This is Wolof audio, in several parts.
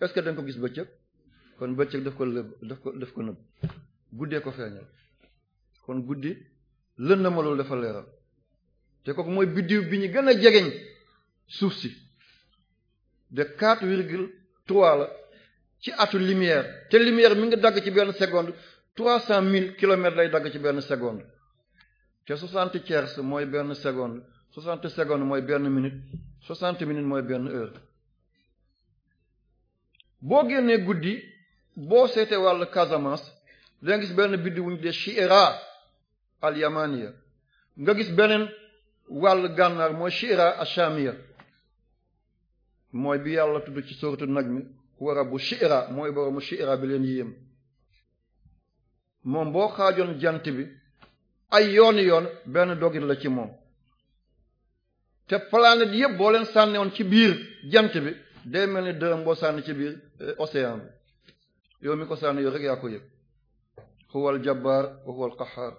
est-ce que da ko gis bëccëg kon bëccëg daf ko lëb daf ko daf ko nëb guddee ko feeñal kon guddi lëndëmalul dafa leeral te ko mooy biddiw bi ñu gën a jegeñ suuf si de quatre virgule trois la ci atu lumière te lumière mi ngi dagg ci benn seconde trois cent mille kilomètres lay dagg ci benn seconde te soixante tierce mooy benn seconde soixante seconde mooy benn minute soixante minutes mooy benn heure boo génnee guddi boo seete wàll Casamance danga gis benn biddi wuñ de Shi'ra al-Yamaniya nga gis beneen wàll gànnaar mooy Shi'ra ash-Shamiya mooy bi yàlla tudd ci sourate Najm wa rabbu Shi'ra mooy boromu Shi'ra bi leen yéem moom boo xaajoon jant bi ay yooni yoon benn dogit la ci moom te planète yëpp boo leen sànnewoon ci biir jant bi day mel ni dërëm boo sànni ci biir Eh, océan bi yow mi ko sànni yow rek yaa ko yëg huwal jabbar wa huwal qahhar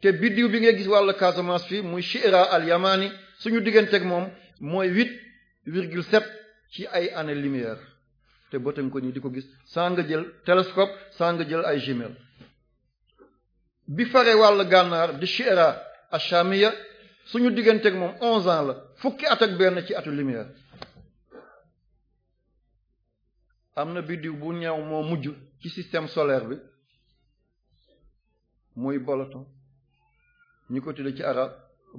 te biddiw bi ngay gis wàll Casamance fii muy Chira al Yamani suñu digganteeg moom mooy huit virgule sept ci ay années lumière te bët nga ko nii di ko gis saa nga jël télescope saa jël ay jumelles bi fare wàll gànnaar di Chira ashamiya suñu digganteeg moom onze ans la fukki at ak benn ci atu lumière am na biddiw bu ñëw moo mujj ci système solaire bi mooy boloton ñi ko tudde ci ara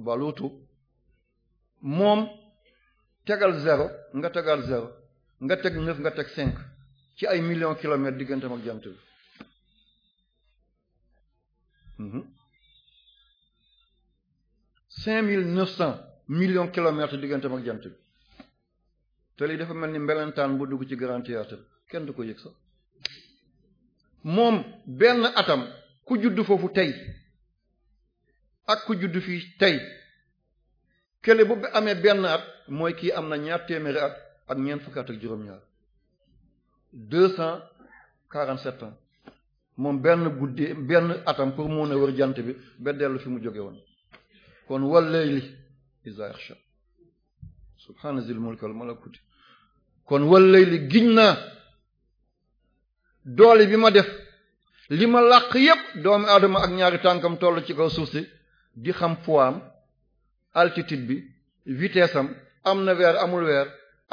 balutu moom tegal zéro nga tegal zéro nga teg neuf nga teg cinq ci ay millions kilomètres digganteem ak jant bi mhm. cinq mille neuf cent millions kilomètres digganteem ak jant bi te lii dafa mel ni mbelentaan bu dugg ci grand kenn du ko yëg sax moom benn atam ku judd foofu tey ak ku juddu fii tey kële bu amee benn at mooy kii am na ñaar téeméeri ak ñeent fukki at ak juróom-ñaar deux cent quarante-sept ans moom benn guddi benn atam pour mun a wër jant bi dellu fi mu jóge woon kon wal layli iza kon wallay li giñ naa doole bi ma def li ma làq yépp doomi aadama ak ñaari tànkam toll ci kaw suuf si di xam poids am altitude bi vitesse am na weer amul weer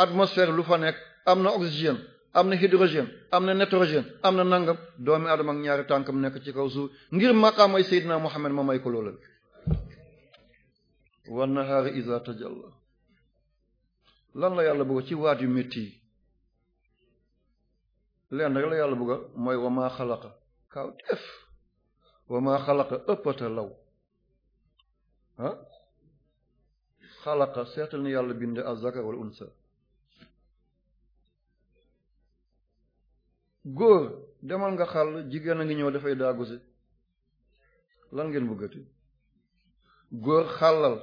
atmosphère lu fa nekk am na oxygène am na hydrogène am na nitrogène am na nangam doomi aadama ak ñaari tànkam nekk ci kaw suuf ngir maqaamay Seydina Muhammad ma may ko loola bi wannahaari iza tajalla lan la yàlla bëgg ci waat yu métti yi leen rek la yàlla bëgg mooy wamaa xalaqa kaw def wamaa xalaqa ëppata law ah xalaqa seetal ni yàlla bind azakar wal unsa góor demal nga xàll jigéen a ngi ñëw dafay daaguse lan ngeen bëggati góor xàllal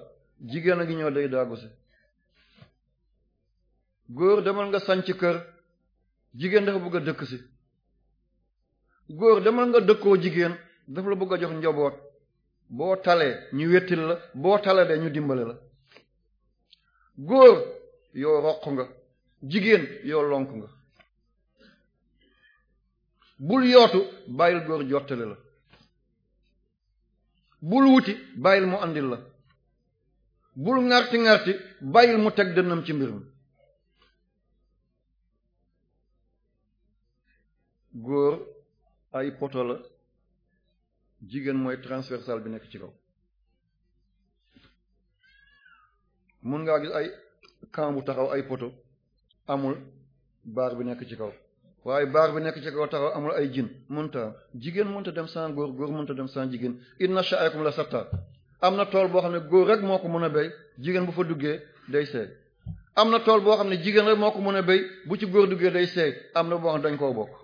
jigéen a ngi ñëw day daaguse góor demal nga sanc kër jigéen dafa bëgg a dëkk si góor demal nga dëkkoo jigéen dafa la bëgg a jox njaboot boo talee ñu wettil la boo talee de ñu dimbale la góor yoo roq nga jigéen yoo lonk nga bul yootu bàyyil góor jottale la bul wuti bàyyil mu andil la bul ŋarti ŋarti bàyyil mu teg dënnam ci mbirum góor ay poto la jigéen mooy transversal bi nekk ci kaw mun ngaa gis ay camp bu taxaw ay poto amul baar bi nekk ci kaw waaye baar bi nekk ci kaw taxaw amul ay jin munta jigéen munta dem sans góor góor munta dem sans jigéen inna kum la satta am na tool boo xam ne góor rek moo ko mën a béy jigéen bu fa duggee day seey am na tool boo xam ne jigéen rek moo ko mën a béy bu ci góor duggee day seey am na boo xam ne dañ koo bokk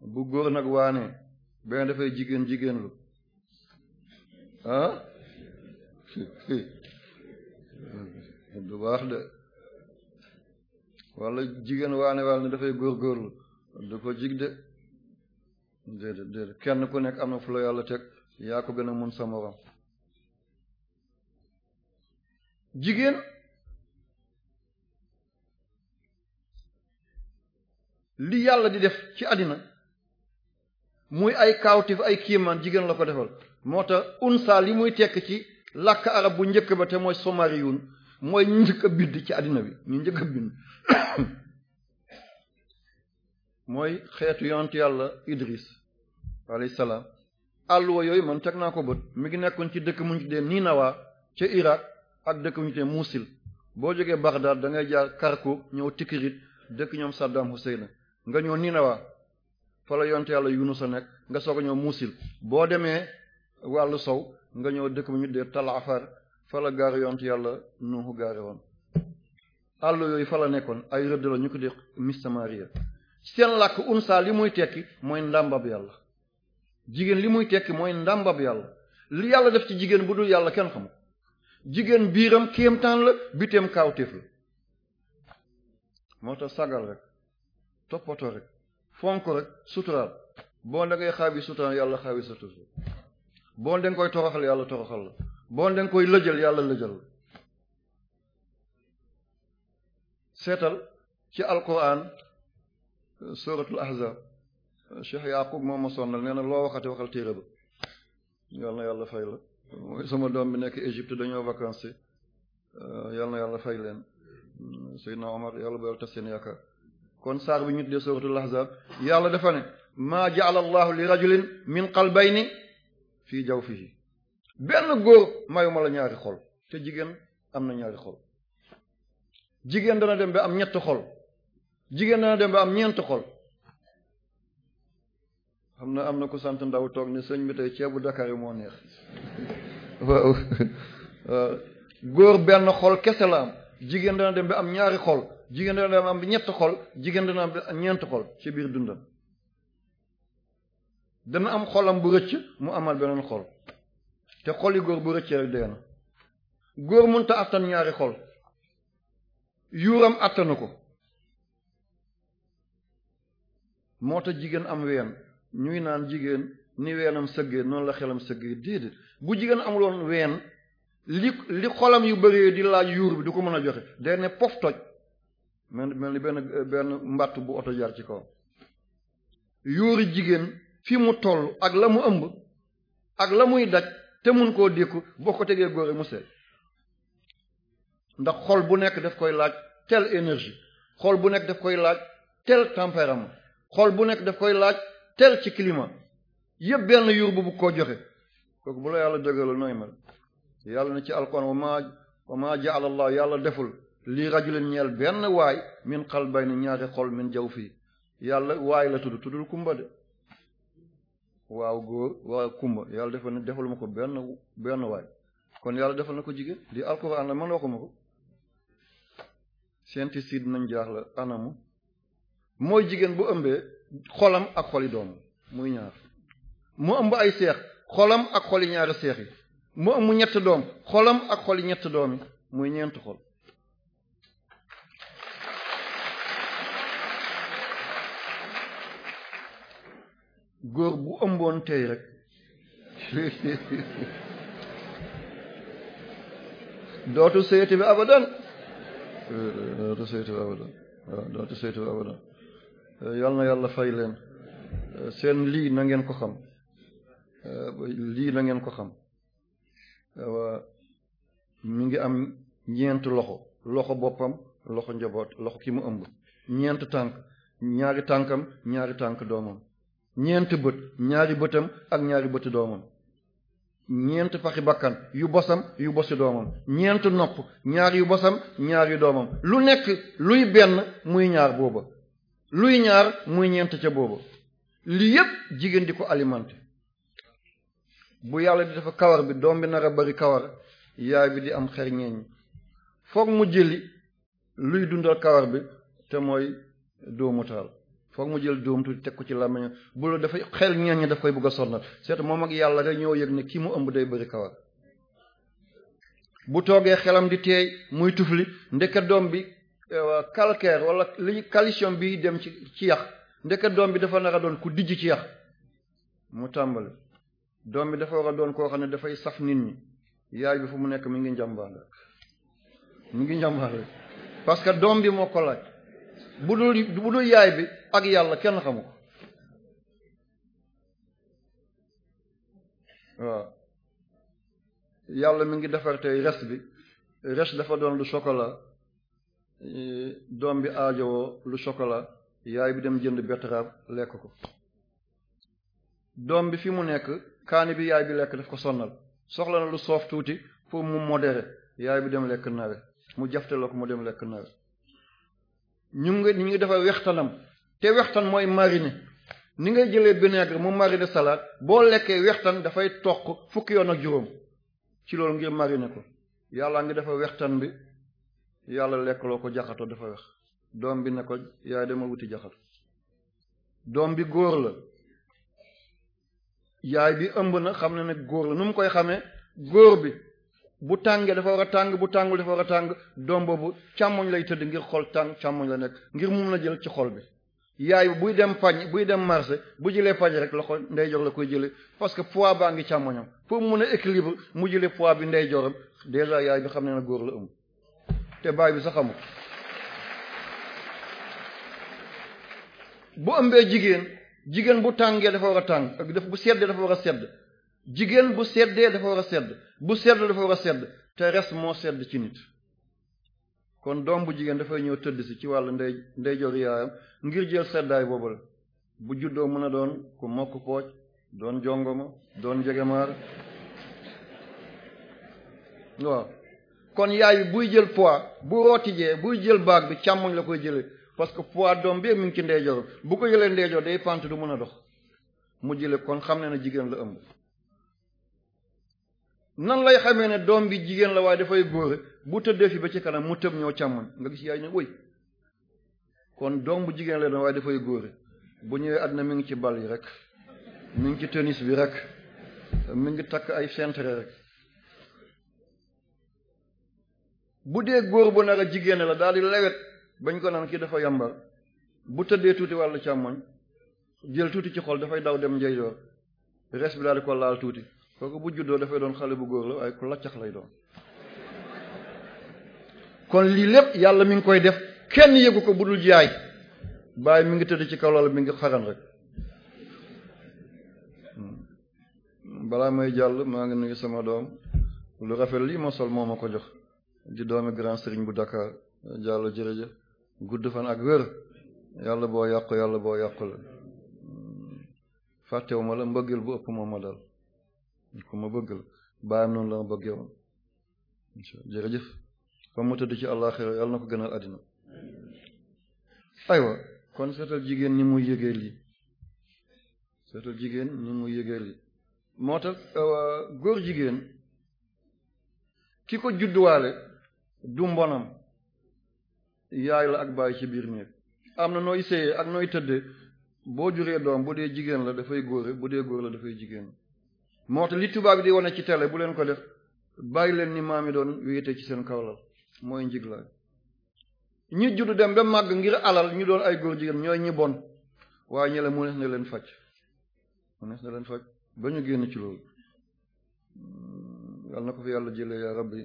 bu góor nag waane beneen dafay jigéen jigéen lu ah? du baax de wala jigéen waane wàll ne góor góorgóorlu du ko jig de déedéet déedéet kenn ku nekk am na fu la yàlla teg yaa ko gën a mun sa morom jigéen li yàlla di def ci àddina muy ay kaawtif ay kiimaan jigéen la ko defal moo tax unsa li muy tekk ci làkk arab bu njëkk ba te mooy somariyun mooy njëkk a bind ci àddina bi ñu njëkk a mooy xeetu yonent yàlla Idris alayhi salaam àlluwa yooyu man teg naa ko bët mi ngi nekkoon ci dëkk mu ñu tuddee Ninawa ci Irak ak dëkk mu ñu Musil boo jógee Baghdad da ngay jaar Karkuk ñëw Tikrit dëkk ñoom Saddam Hussein nga ñëw Ninawa fa la yonte yàlla Yunus a nekk nga soog a ñëw Musil boo demee wàll sow nga ñëw dëkk bu ñu dee Talafar fa la gaari yàlla Nuhu gaari woon àll yooyu fa la nekkoon ay rëdd la ñu ko dee Mistamariya seen làkk unsa li muy tekki mooy ndàmbab yàlla jigéen li muy tekki mooy ndàmbab yàlla li yàlla def ci jigéen bu dul yàlla kenn xamul jigéen biiram kéemtaan la biteem kaawteef la moo tax sagal rek toppatoo rek fonk rek suturaal boo da ngay xaawi suturaal yàlla xaawi sa tur bon da koy toroxal yàlla toroxal la bon da nga lëjal yàlla lëjal la seetal ci alquran suratul ahzab cheikh yaqub moom ma sonnal nee na loo waxati waxal téere ba yàlla na yàlla fay la mooy doom bi nekk Égypte dañoo vacances yàlla na yàlla fay leen Seydina Omar yàlla bu yàlla tas seen kon saar bi ñu tuddee suratul ahzab yàlla dafa ne maa ja'ala allahu li rajulin min qalbayni fii jawfihi benn góor mayuma la ñaari xol te jigéen am na ñaari xol jigéen dana dem ba am ñett xol jigéen dana dem ba am ñeent xol xam na am na ku sant ndaw toog ne sëñ bi tey ceebu Dakar yi moo neex góor benn xol kese la am jigéen dana dem bi am ñaari xol jigéen dana dem am bi ñett xol jigéen dana am ñeent xol ci biir dundam dana am xolam bu rëcc mu amal beneen xol te xol góor bu rëccee rek dee góor mënta attan ñaari xol yuuram attanu ko moo tax jigéen am ween ñuy naan jigéen ni weenam sëggee noonu la xelam sëggee déedéet bu jigéen amuloon ween li li xolam yu bëree di laaj yuur bi du ko mën a joxe day ne pof toj mel mel ni benn benn mbatt bu oto jaar ci kaw yuuri jigéen fi mu toll ak la mu ëmb ak la muy daj te mun koo dékku boo ko tegee góore mu seet ndax xol bu nekk daf koy laaj tel énergie xol bu nekk daf koy laaj tel tempérament xol bu nekk daf koy laaj tel ci climat yëpp benn yuur bu bu koo joxe kooku bu la yàlla dëggaloo nooy mel yàlla na ci alquran wa ma wa ma ja'ala yàlla deful lii rajulin ñeel benn waay min qalbayni ñaari xol min jaw fii yàlla waay la tudd tuddul kumba de waaw góor waaw kumba yàlla defal ne defal ko benn benn waay kon yàlla defal na ko jigéen lii alquran la man waxuma ko scientifique nañ jaax la anamu mooy jigéen bu ëmbee xolam ak xoli doom muy ñaar mu ëmb ay seex xolam ak xoli ñaari seex yi mu ëmb ñett doom xolam ak xoli ñett doom yi muy ñeent xol góor bu ëmboon tey rek dootu seeti bi abadan dootu seeti bi abadan yal na yàlla fay leen seen lii na ngeen ko xam lii na ngeen ko xam mi ngi am ñeent loxo loxo boppam loxo njaboot loxo ki mu ëmb ñeent tànk ñaari tànkam ñaari tànk doomam ñeent bët ñaari bëtam ak ñaari bët doomam ñeent paxi bakkan yu bosam yu bosi doomam ñeent nopp ñaar yu bosam ñaari doomam lu nekk luy benn muy ñaar booba luy ñaar muy ñeent ca booba lii yépp jigéen di ko alimenter bu yàlla di dafa kawar bi doom bi nar a bari kawar yaay bi di am xer ñeeñ foog mu jëli luy dundal kawar bi te mooy doomu foog mu jël doom tuuti teg ku ci làmmiñ bu dafa xel ñeeñ daf koy bëgg a sonna seet moo mag yàlla rek ñëw yëg ne kii mu ëmb day bari kawar bu toogee xelam di teey muy tufli ndeke doom bi euh, calcaire wala li calcium bi dem ci ci yax ndeke doom bi dafa nar a doon ku dijj ci yax mu tàmbali doom bi dafa war a doon koo xam ne dafay saf nit ñi yaay bi fu mu nekk mu ngi njàmbaar rek ngi njàmbaar rek parce que doom bi moo ko laaj bu dul bu yaay bi ak yàlla kenn xamu ko yàlla mi ngi defar tey res bi res dafa doon lu chocolat doom bi aajowoo lu chocolat yaay bi dem jënd betterave lekk ko doom bi fi mu nekk kaani bi yaay bi lekk def ko sonnal soxla na lu soof tuuti pour mu modéré yaay bi dem lekk nawe mu jafteloo ko mu dem lekk nawe ñu ngi nu ngi defaa wextanam te wextan mooy mariner ni ngay jëlee vinaigre mu mariner salade boo lekkee wextan dafay toq fukki yoon ak juróom ci loolu ngir mariner ko yàlla ngi dafa wextan bi yàlla lekkaloo ko jaxato dafa wex doom bi ne ko yaay dama wuti jaxato doom bi góor la yaay bi ëmb na xam na nag góor la nu mu koy xamee góor bi bu tàngee dafa war a tàng bu tàngul dafa war a tàng doom boobu càmmoñ lay tëdd ngir xol tàng càmmoñ la nekk ngir mum la jël ci xol bi yaay buy dem pañ buy dem marché bu jëlee pañ rek loxo ndeyjoor la koy jële parce que poids baa ngi càmmoñam mu mun a équilibre mu jëlee poids bi ndeyjooram déjà yaay bi xam ne na góor la ëmb te baay bi sax xamul bu ëmbee jigéen jigéen bu tàngee dafa war a tàng ak bu seddee dafa war a sedd jigéen bu seddee dafa war a sedd bu sedd dafa war a sedd te res moo sedd ci nit kon doom bu jigéen dafay ñëw tëdd si ci wàllu ndey ndey jor yaayam ngir jël seddaay boobu bu juddoo mën a doon ku mokk pooc doon jongoma doon jegemaar waaw kon yaay bi buy jël poids bu rootijee buy jël baag bi càmmoñ la koy jëlee parce que poids doom bi mu ngi ci ndeejoor bu ko jëlee ndeejoor day pant du mën a dox mu jële kon xam ne na jigéen la ëmb nan lay xamee ne doom bi jigéen la waaye dafay góore bu tëddee fi ba ci kanam mu tëb ñëw càmmoñ nga gis yaay ne woy kon jigéen la doon waaye dafay góore bu ñëwee àddina mi ngi ci bal yi rek mu ngi ci tennis bi rek mi ngi takk ay centre rek bu dee góor bu nar a jigéen la daal di lewet bañ ko naan kii dafa yambar bu tëddee tuuti wàllu càmmoñ jël tuuti ci xol dafay daw dem njeyjoor res bi daal di ko laal tuuti kooku bu juddoo dafay doon xale bu góor la waaye ku laccax lay doon kon lii lépp yàlla mi ngi koy def kenn yëgu ko budul jaay bàyyi mi ngi tëdd ci kaw lal mi ngi xaran rek hmm. balaa may jàll maa ngi nuyu sama doom lu rafet lii ma sol moo ma ko jox di doomi grand serigne bu Dakar jàll jërëjëf gudd fan ak wér yàlla boo yàqu yàlla boo yàqule fàttewu ma la mbëggeel bu ëpp moom ma dal ku ma bëgg la bàyyam noonu la ma bëggee woon mu tëdd ci àllaaxira yàlla na ko gënal àddina aywa kon seetal jigéen ni mu yëgee lii seetal jigéen ñi muy yëgee lii moo tax euh, góor jigéen ki ko judduwaale du mbonam yaay la ak bàyyi ci biir néeg am na nooy séyee ak nooy tëddee boo juree doom bu dee jigéen la dafay góore bu dee góor la dafay jigéen moo tax li tubaab bi di wone ci tele bu leen ko def bàyyi leen ni maam yi doon wéete ci seen kawlal mooy njiglaay ñi juddu dem ba màgg ngir alal ñu doon ay góor jigéen ñooy ñi bon waaye ñele mu neex na leen faj mu neex na leen faj ba ñu génn ci loolu yàlla na ko fi yàlla jëlee yaa rabbi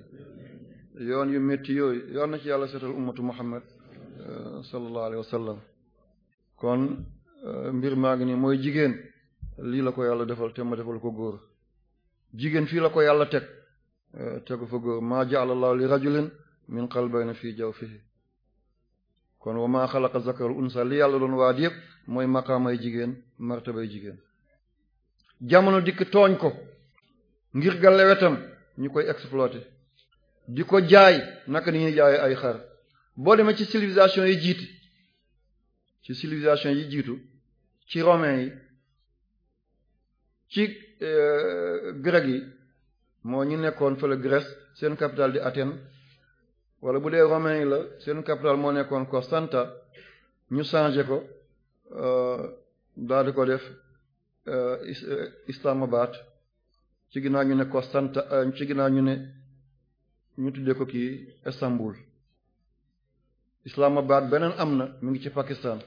yoon yu métti yooyu yoon na ci yàlla seetal ummatu muhammad euh, sallallahu alayhi wa sallam kon euh, mbir maa ngi nii mooy jigéen lii la ko yàlla defal te ma defal ko góor jigéen fii la ko yàlla teg euh, tegu fa góor maa ja'alallahu li rajulin min qalbayni fii jawfihi kon wa maa xalaqa zakar unsa li yàlla doon waat yëpp mooy maqaamay jigéen martabay jigéen jamono dikk tooñ ko ngir ga lewetam ñu koy exploiter di ko jaay naka ni ñuy jaay ay xar boo demee ci civilisation yi jiitu ci civilisation yi jiitu ci romain yi ci euh, grec yi moo ñu nekkoon fële Grèce seen capitale di Athènes wala bu dee romain yi la seen capitale moo nekkoon Constanta ñu changé ko euh, daal ko def euh, Islamabad ci ginnaaw ñu ne Constanta ci ginnaaw ñu ne ñu tuddee ko kii Istanbul Islamabad beneen am na mu ngi ci Pakistan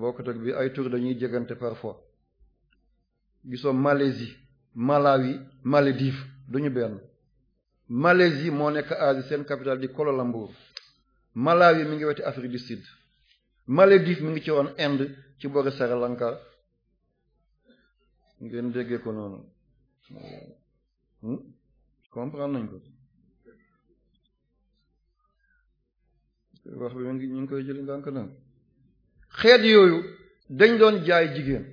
bokkut ak bi ay tur dañuy jegante parfois gisoo Malaisie Malawi Maldives duñu benn Malaisie moo nekk Asie seen capital di Kuala Lumpur Malawi mi ngi weti Afrique du Sud Maldives mi ngi ci woon Inde ci boori Sri Lanka ngeen déggee ko noonu hmm? comprendre nañ ko wax bi ñu ngi ñu ngi koy jëli ndànk ndànk xeet yooyu dañ doon jaay jigéen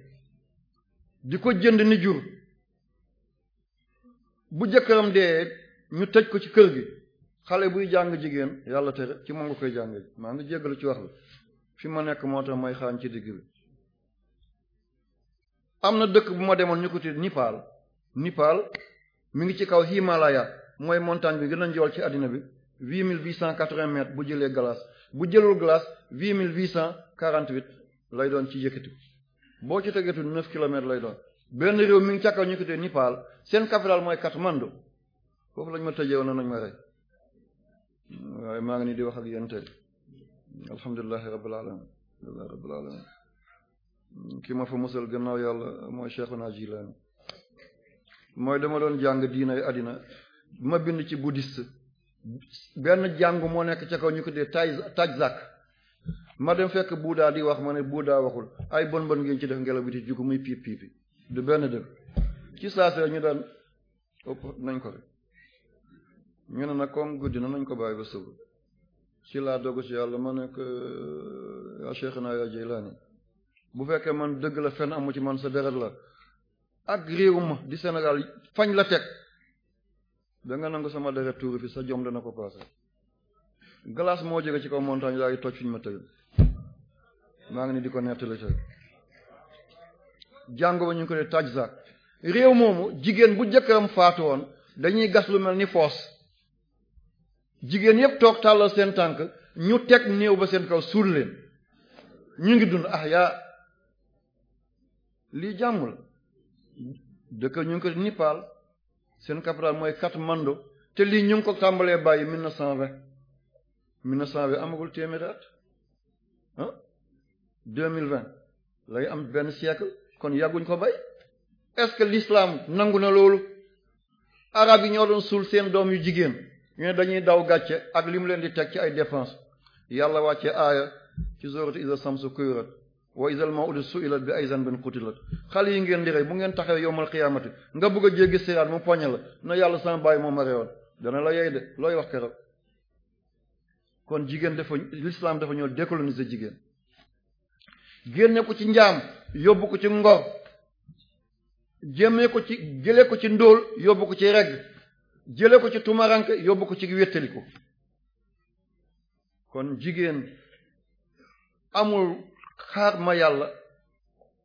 di ko jënd ni jur bu jëkkëram dee ñu tëj ko ci kër gi xale buy jàng jigéen yàlla tere ci moom nga koy jàng maa ngi jéggalu ci wax la fi ma nekk moo tax may xaañ ci digg bi am na dëkk bu ma demoon ñu ko tudd Nipal Nipal mi ngi ci kaw Himalaya mooy montagne bi gën a njool ci àddina bi huit mille huit cent quatre-vingts mètres bu jëlee glace bu jëlul glace huit mille huit cent quarante-huit lay doon ci yëkkati boo ci tegee tegeetu neuf kilomètres lay doon benn réew mi ngi càkkaw ñu ko te Nipal seen capitale mooy Katmandu foofu lañ ma tëjee woon nañ waaye maa ngi nii di wax ak yéen tey alhamdulillahi rabbil alamin alhamdulillahi rabbil alamin ki ma fa musal gannaaw yàlla mooy Cheikhuna Jilani mooy dama doon jàng diina yi àddina ma bind ci bouddhiste benn jàngu moo nekk ca kaw ñu ko dee taj taj zak ma dem fekk buudaa di wax ma ne buudaa waxul ay bon bon ngeen ci def ngelaw bi di jugu muy piip piipi du benn dëgg ci saasee ñu daan nañ ko rek ñu ne nag comme guddi na nañ ko bàyyi ba suba ci laa dogu ci yàlla ma nekk yaa Cheikh naa yaa bu fekkee man dëgg la fenn amu ci man sa deret la ak réew ma di Sénégal fañ la teg da nga nangu sama deret tuuru fi sa jom na ko paase glace moo jóge ci kaw montagne daal di toj fi ñu ma tëral maa ngi ni di ko nettali tey jàngo ba ñu ngi ko réew moomu jigéen bu am faatu woon dañuy gas lu mel ni foos jigéen yépp toog tàllal seen tànk ñu teg néew ba seen kaw suul leen ñu ngi dund ah yaa lii jàmmul dëkk ñu ngi ko Nipal seen capital mooy Katmandu te lii ñu ngi ko tàmbalee bàyyi mille neuf cent vingt mille neuf cent vingt amagul téeméeri at ah mille vingt lay am benn siècle kon yàgguñ ko bay est-ce que lislaam nangu na loolu arab yi ñoo doon suul seen doom yu jigéen ñu dañuy daw gàcce ak li mu leen di teg ci ay dépense yàlla wàcce aaya ci sourate iza samsu kuwirat wa izal mawdu su'ilat bi ay zanbin qutilat xale yi ngeen di rey bu ngeen taxawee yowmal qiyaamati nga bëgg a jéggi siraat mu poñe la na yàlla sama bàyyi moom ma rewoon dana la yey de looy wax keroog kon jigéen dafa lislaam dafa ñëw décoloniser jigéen génne ko ci njaam yóbbu ko ci ngor jémmee ko ci jëlee ko ci ndóol yóbbu ko ci regg jële ko ci tumaranke yóbbu ko ci wéttaliku kon jigéen amul xaar ma yàlla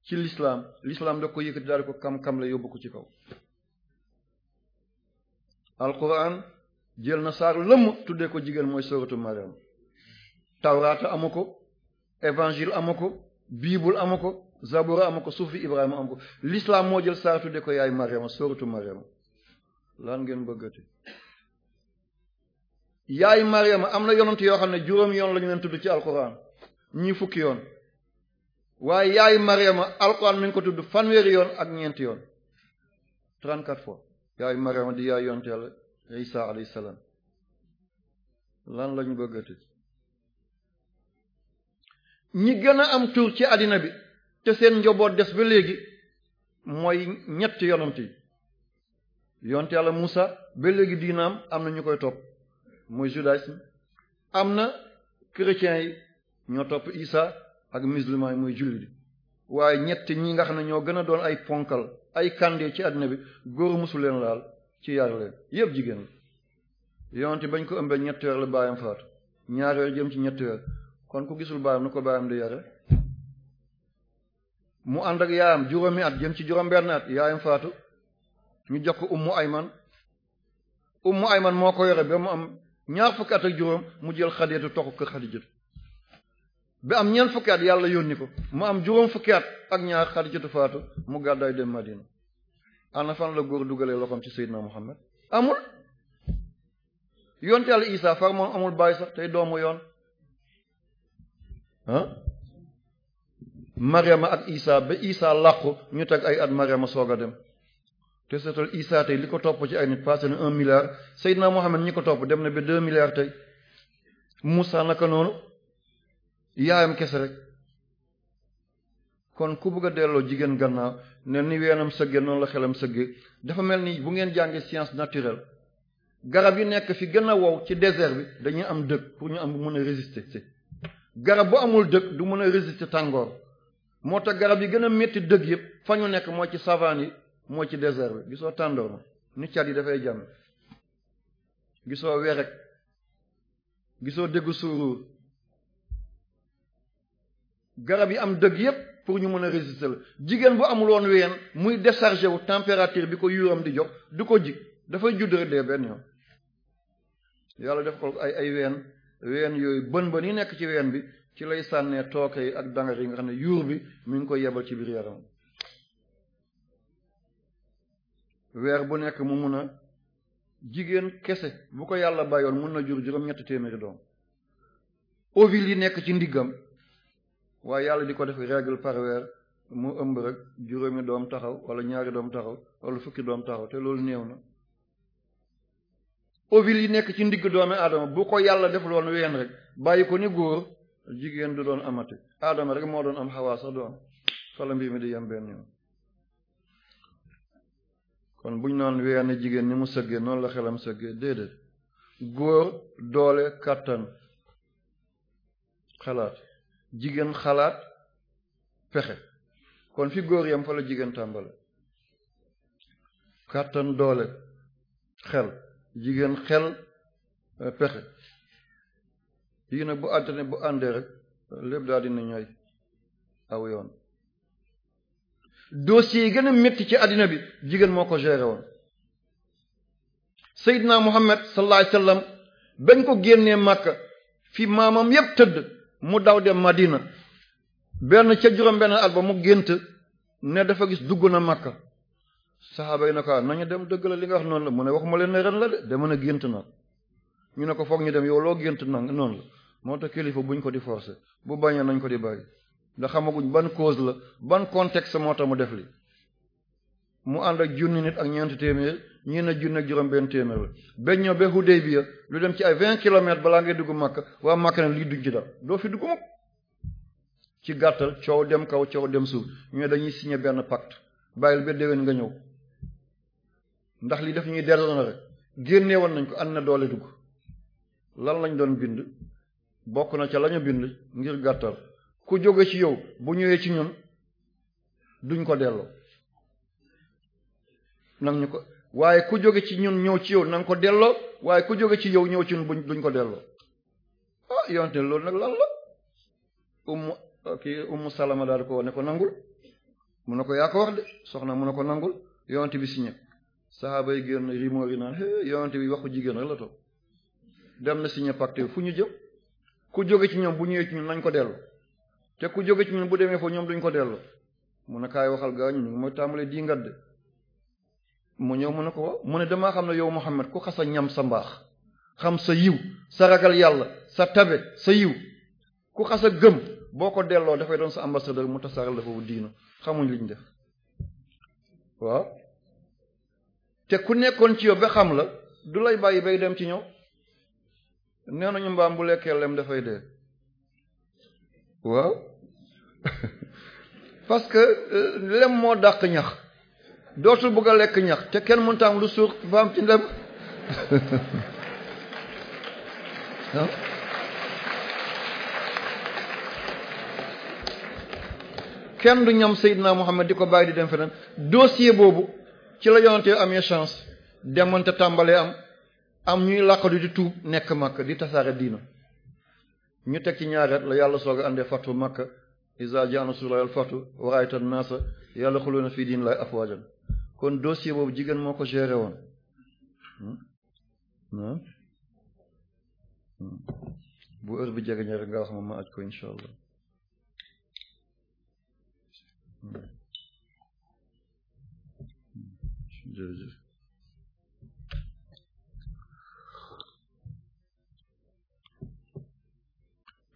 ci l'islam l'islam da ko yëkkati daal ko kam-kam la yóbbu ko ci kaw alquran jël na saar lëmm tuddee ko jigéen mooy sóoratu Maryam tawraata amu ko évangile amu ko biibul amu ko zabura amu ko suufi Ibrahima amu ko l'islam moo jël saar tuddee ko yaay Maryam sóoratu Maryam lan bëggati yaay Maryam am na yonent yoo xam ne juróom yoon lañu leen tudd ci alquran ñi fukki yoon waaye yaayu Mariama alquran mi ngi ko tudd fanweeri yoon ak ñeenti yoon 34 fois yaayu Mariama di yaayu yonte yàlla Isa alayhi salaam lan lañu bëggati ñi gën a am tuur ci àddina bi te seen njaboot des ba léegi mooy ñetti yonant yi yonte yàlla Musa ba léegi diinaam am na ñu koy topp mooy judaïsme am na chrétiens yi ñoo topp Isa ak musulman yi mooy jullit waaye ñett ñi nga xam ne ñoo gën a doon ay ponkal ay kande ci àddina bi góor musu leen laal ci yar leen yëpp jigéen la yonte bañ ko ëmbee ñetti weer la baayam faatu ñaari weer jëm ci kon ku gisul baayam nu ko baayam di yare mu ak yaayam juróomi at jëm ci juróom benn at yaayam faatu ñu jox ko ummu ayman ummu ayman moo ko yore ba mu am ñaar fukki at ak juróom mu jël xadeetu toog ko xadijatu ba am ñeent fukki at yàlla yónni ko mu am juróom fukki at ak ñaar Xadijatu faatu mu gàddaay dem Madina ana fan la góor dugalee loxoom ci Seydina Muhammad amul yonte yàlla Isa far moom amul bàyyi sax tey doomu yoon ah Mariama ak Isa ba Isa làqu ñu teg ay at Mariama soog a dem te seetal Isa tey li ko topp ci ay nit passé na un milliard Seydina Muhammad ñi ko topp dem na ba deux milliards tey Musa naka noonu yaayam kese rek kon ku bëgg a delloo jigéen gannaaw ne ni weenam sëggee noonu la xelam sëggee dafa mel ni bu ngeen jàngee science naturelle garab yi nekk fi gën a wow ci désert bi dañuy am dëkk pour ñu am bu mën a résister garab bu amul dëkk du mën a résister tàngoor moo tax garab yi gën a métti dëkk yëpp fa ñu nekk moo ci savane yi moo ci désert bi gisoo tàndoor ma ni cat yi dafay jàmm gisoo werek gisoo déggu suuruur garab yi am dëgg yépp pour ñu mën a résister la jigéen bu amul woon ween muy décharger wu température bi ko yuuram di jox du ko jig dafay judd rek dee benn yoon yàlla def ko ay ay ween ween yooyu bën bën yi nekk ci ween bi ci lay sànnee tooke yi ak dangar yi nga xam ne yuur bi mi ngi koy yebal ci biir yaram weer bu nekk mu mun a jigéen kese bu ko yàlla bayoon mun na jur juróom ñetti téeméeri doom ovule yi nekk ci ndiggam waaye yàlla di ko def règle par weer mu ëmb rek juróomi doom taxaw wala ñaari doom taxaw wala fukki doom taxaw te loolu néew na ovule yi nekk ci ndigg doomi adama bu ko yàlla def loon ween rek bàyyi ko ni góor jigéen du doon amati aadama rek moo doon am xawaa sax du am fala mbir mi di yem yoon kon buñ naan weene jigéen ni mu sëggee noonu la xelam sëggee déedéet góor doole kàttan xalaat jigéen xalaat pexe kon fi góor yam fa jigéen tàmbale kàttan doole xel jigéen xel euh, pexe yii nag bu àttane bu àndee rek lépp daal dina ñooy aw yoon dossier yi gën a métti ci àddina bi jigéen moo ko géré woon Seydina Muhammad sallallahu alayhi wasallam bañ ko génnee Makka fi maamam yépp tëdd mu daw dem Madina benn ca juróom benn at ba mu gént ne dafa gis dugg na Makka saxaaba yi na ko ah, nañu dem dëgg la li nga wax noonu la mu ne waxuma leen ne ren la de dama ne gént na ñu ne ko foog ñu dem yow loo gént na noon la moo tax kilifa buñ ko di forcer bu bañee nañ ko di bàyyi ndax xamaguñ ban cause la ban contexte moo tax mu def li mu ànd ak junni nit ak ñeenti téeméer ñii na junne ak juróom benn téeméer la ba ñëw ba Hudaybiya lu dem ci ay vingt kilomètres balaa ngay dugg Makka waa Makka ne lii duñ ci dal doo fi dugg mukk ci gàttal coow dem kaw coow dem suuf ñu dañuy signé benn pacte bàyyil ba déwén nga ñëw ndax li def ñuy delloo na rek génnee woon nañ ko ànd na doole dugg lan lañ doon bind bokk na ca lañu bind ngir gàttal ku jóge ci yow bu ñëwee ci ñun duñ ko delloo nag ñu ko waaye ku jóge ci ñun ñëw ci yow nañ ko delloo waaye ku jóge ci yow ñëw ci ñun duñ ko delloo ah, loolu nag lan la ummu kii ummu salama ko ne ko nangul mun na ko yaa soxna mun na ko nangul yonte bi signé saxaaba yi génn rimoo ri naan é yonte bi waxu jigéen rek la toog dem na signé pacte fu ñu jëm ku jóge ci ñoom bu ñëwee nañ ko delloo te jóge ci ñun bu demee foofu ñoom duñ ko delloo mun a kaay waxal gaañu ñu ngi mooy tàmbalee di ngat de mu ñëw mu ne ko mu ne damaa xam ne yow Muhammad ku xasa ñam sa mbaax xam sa yiw sa ragal yàlla sa tabe sa yiw ku xasa gëm boo ko delloo dafay doon sa ambassadeur mu tasaare la foofu diina xamuñ liñ def waaw te ku nekkoon ci yow ba xam la du lay bàyyi bay dem ci ñëw nee nañu mbaam bu lekkee lem dafay dee waaw parce que euh, lem moo dàq ñax dootu bëgg a lekk ñax te kenn mënut a am lu suur fa am ci ndem kenn du ñam Seydina Muhammad di ko bàyyi di dem feneen dossier boobu ci la yonante amee chance demante tàmbalee am am ñuy làqatu di tuub nekk Makka di tasaare diina ñu teg ci ñaaret la yàlla soog a àndee fatu Makka iza ja'a nasrullahi wal fath wa ra'aytan naasa yadkhuluna fi diinillahi afwajan kon dossier boobu jigéen moo ko géré woon hmm? Hmm? Hmm? bu heure bi jege ñëw rek nga wax aj ko incha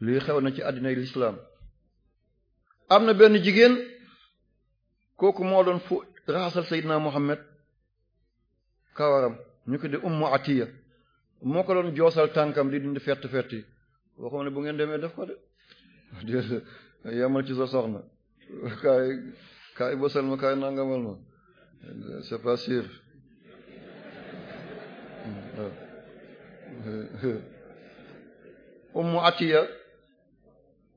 lii xew na ci àddina lislaam am na benn jigéen kooku moo doon fu raxasal Seydina Muhammad kawaram ñu ko di ummu atiya moo ko doon joosal tànkam di dindi fett fett yi waxoon ne bu ngeen demee def ko de yemal ci sa kaay kaay ma kaay nangamal ma c'est pas sûr ummu atiya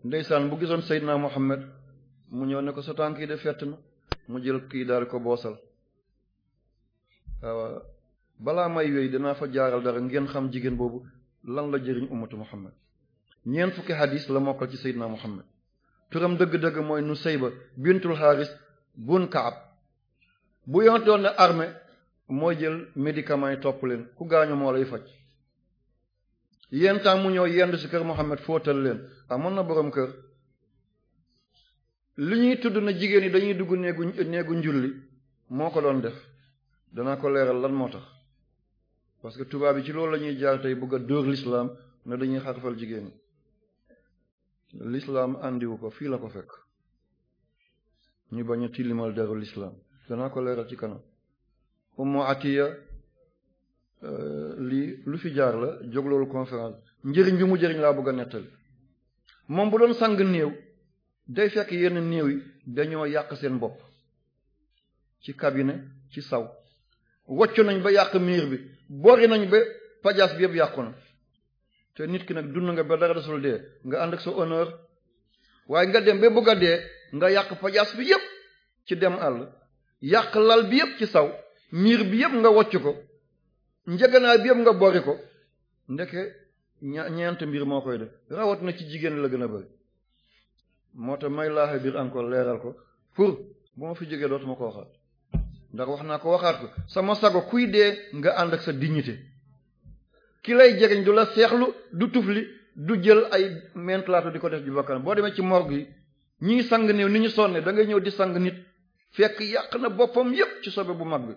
ndeysaan bu gisoon Seydina Muhammad mu ñëw ne ko sa tànk yi mu jël kii daal ko boosal balaa may yooyu danaa fa jaaral dara ngeen xam jigéen boobu lan la jëriñ ummatu muhammad ñeent fukki hadis la mokkal ci seydina muhammad turam dëgg-dëgg mooy Nusayba bintul Haris bun Kaab bu yontoon ne armée mooy jël médicament yi topp leen ku gaañu moo lay faj yenn mu ñëw yendu si kër Muhammad fóotal leen amoon na boroom kër li ñuy tudd na jigéen yi dañuy dugg néegu néegu njulli moo ko doon def danaa ko leeral lan moo tax parce que tubaab yi ci loolu la ñuy jaar tey bëgg a dóor lislaam ne dañuy xarfal jigéen lislaam l'islam ko fii la ko fekk ñu bañ a tilimal deru lislaam dana ko leeral ci kanam Ummu Atiya euh, lii lu fi jaar la jóg loolu conférence njëriñ bi mu jëriñ laa bëgg a nettali moom bu doon sang néew day fekk yenn néew yi dañoo yàq seen bopp ci cabinet ci saw wocc nañ ba yàq miir bi bori nañ ba pajaas bi yëpp yàqu na te nit ki nag dund nga ba dara desul dee nga ànd ak sa honneur waaye nga dem ba bëgg dee nga yàq pajaas bi yëpp ci dem àll yàq lal bi yëpp ci saw miir bi yëpp nga wocc ko njëganaay bi yëpp nga boori ko ndeke ña ñeent mbir moo koy def rawat na ci jigéen la gën a bëri moo tax may laaxe biir encore leeral ko pour bu ma fi jógee dootuma ko waxaat ndax wax naa ko waxaat ko sama sago kuy dee nga ànd ak sa dignité ki lay jegeñ du la seexlu du tufli du jël ay mentlaatu di ko def ji bakkan boo demee ci morgue yi ñii sang néew ni ñu sonne da ngay ñëw di sang nit fekk yàq na boppam yépp ci sobe bu mag bi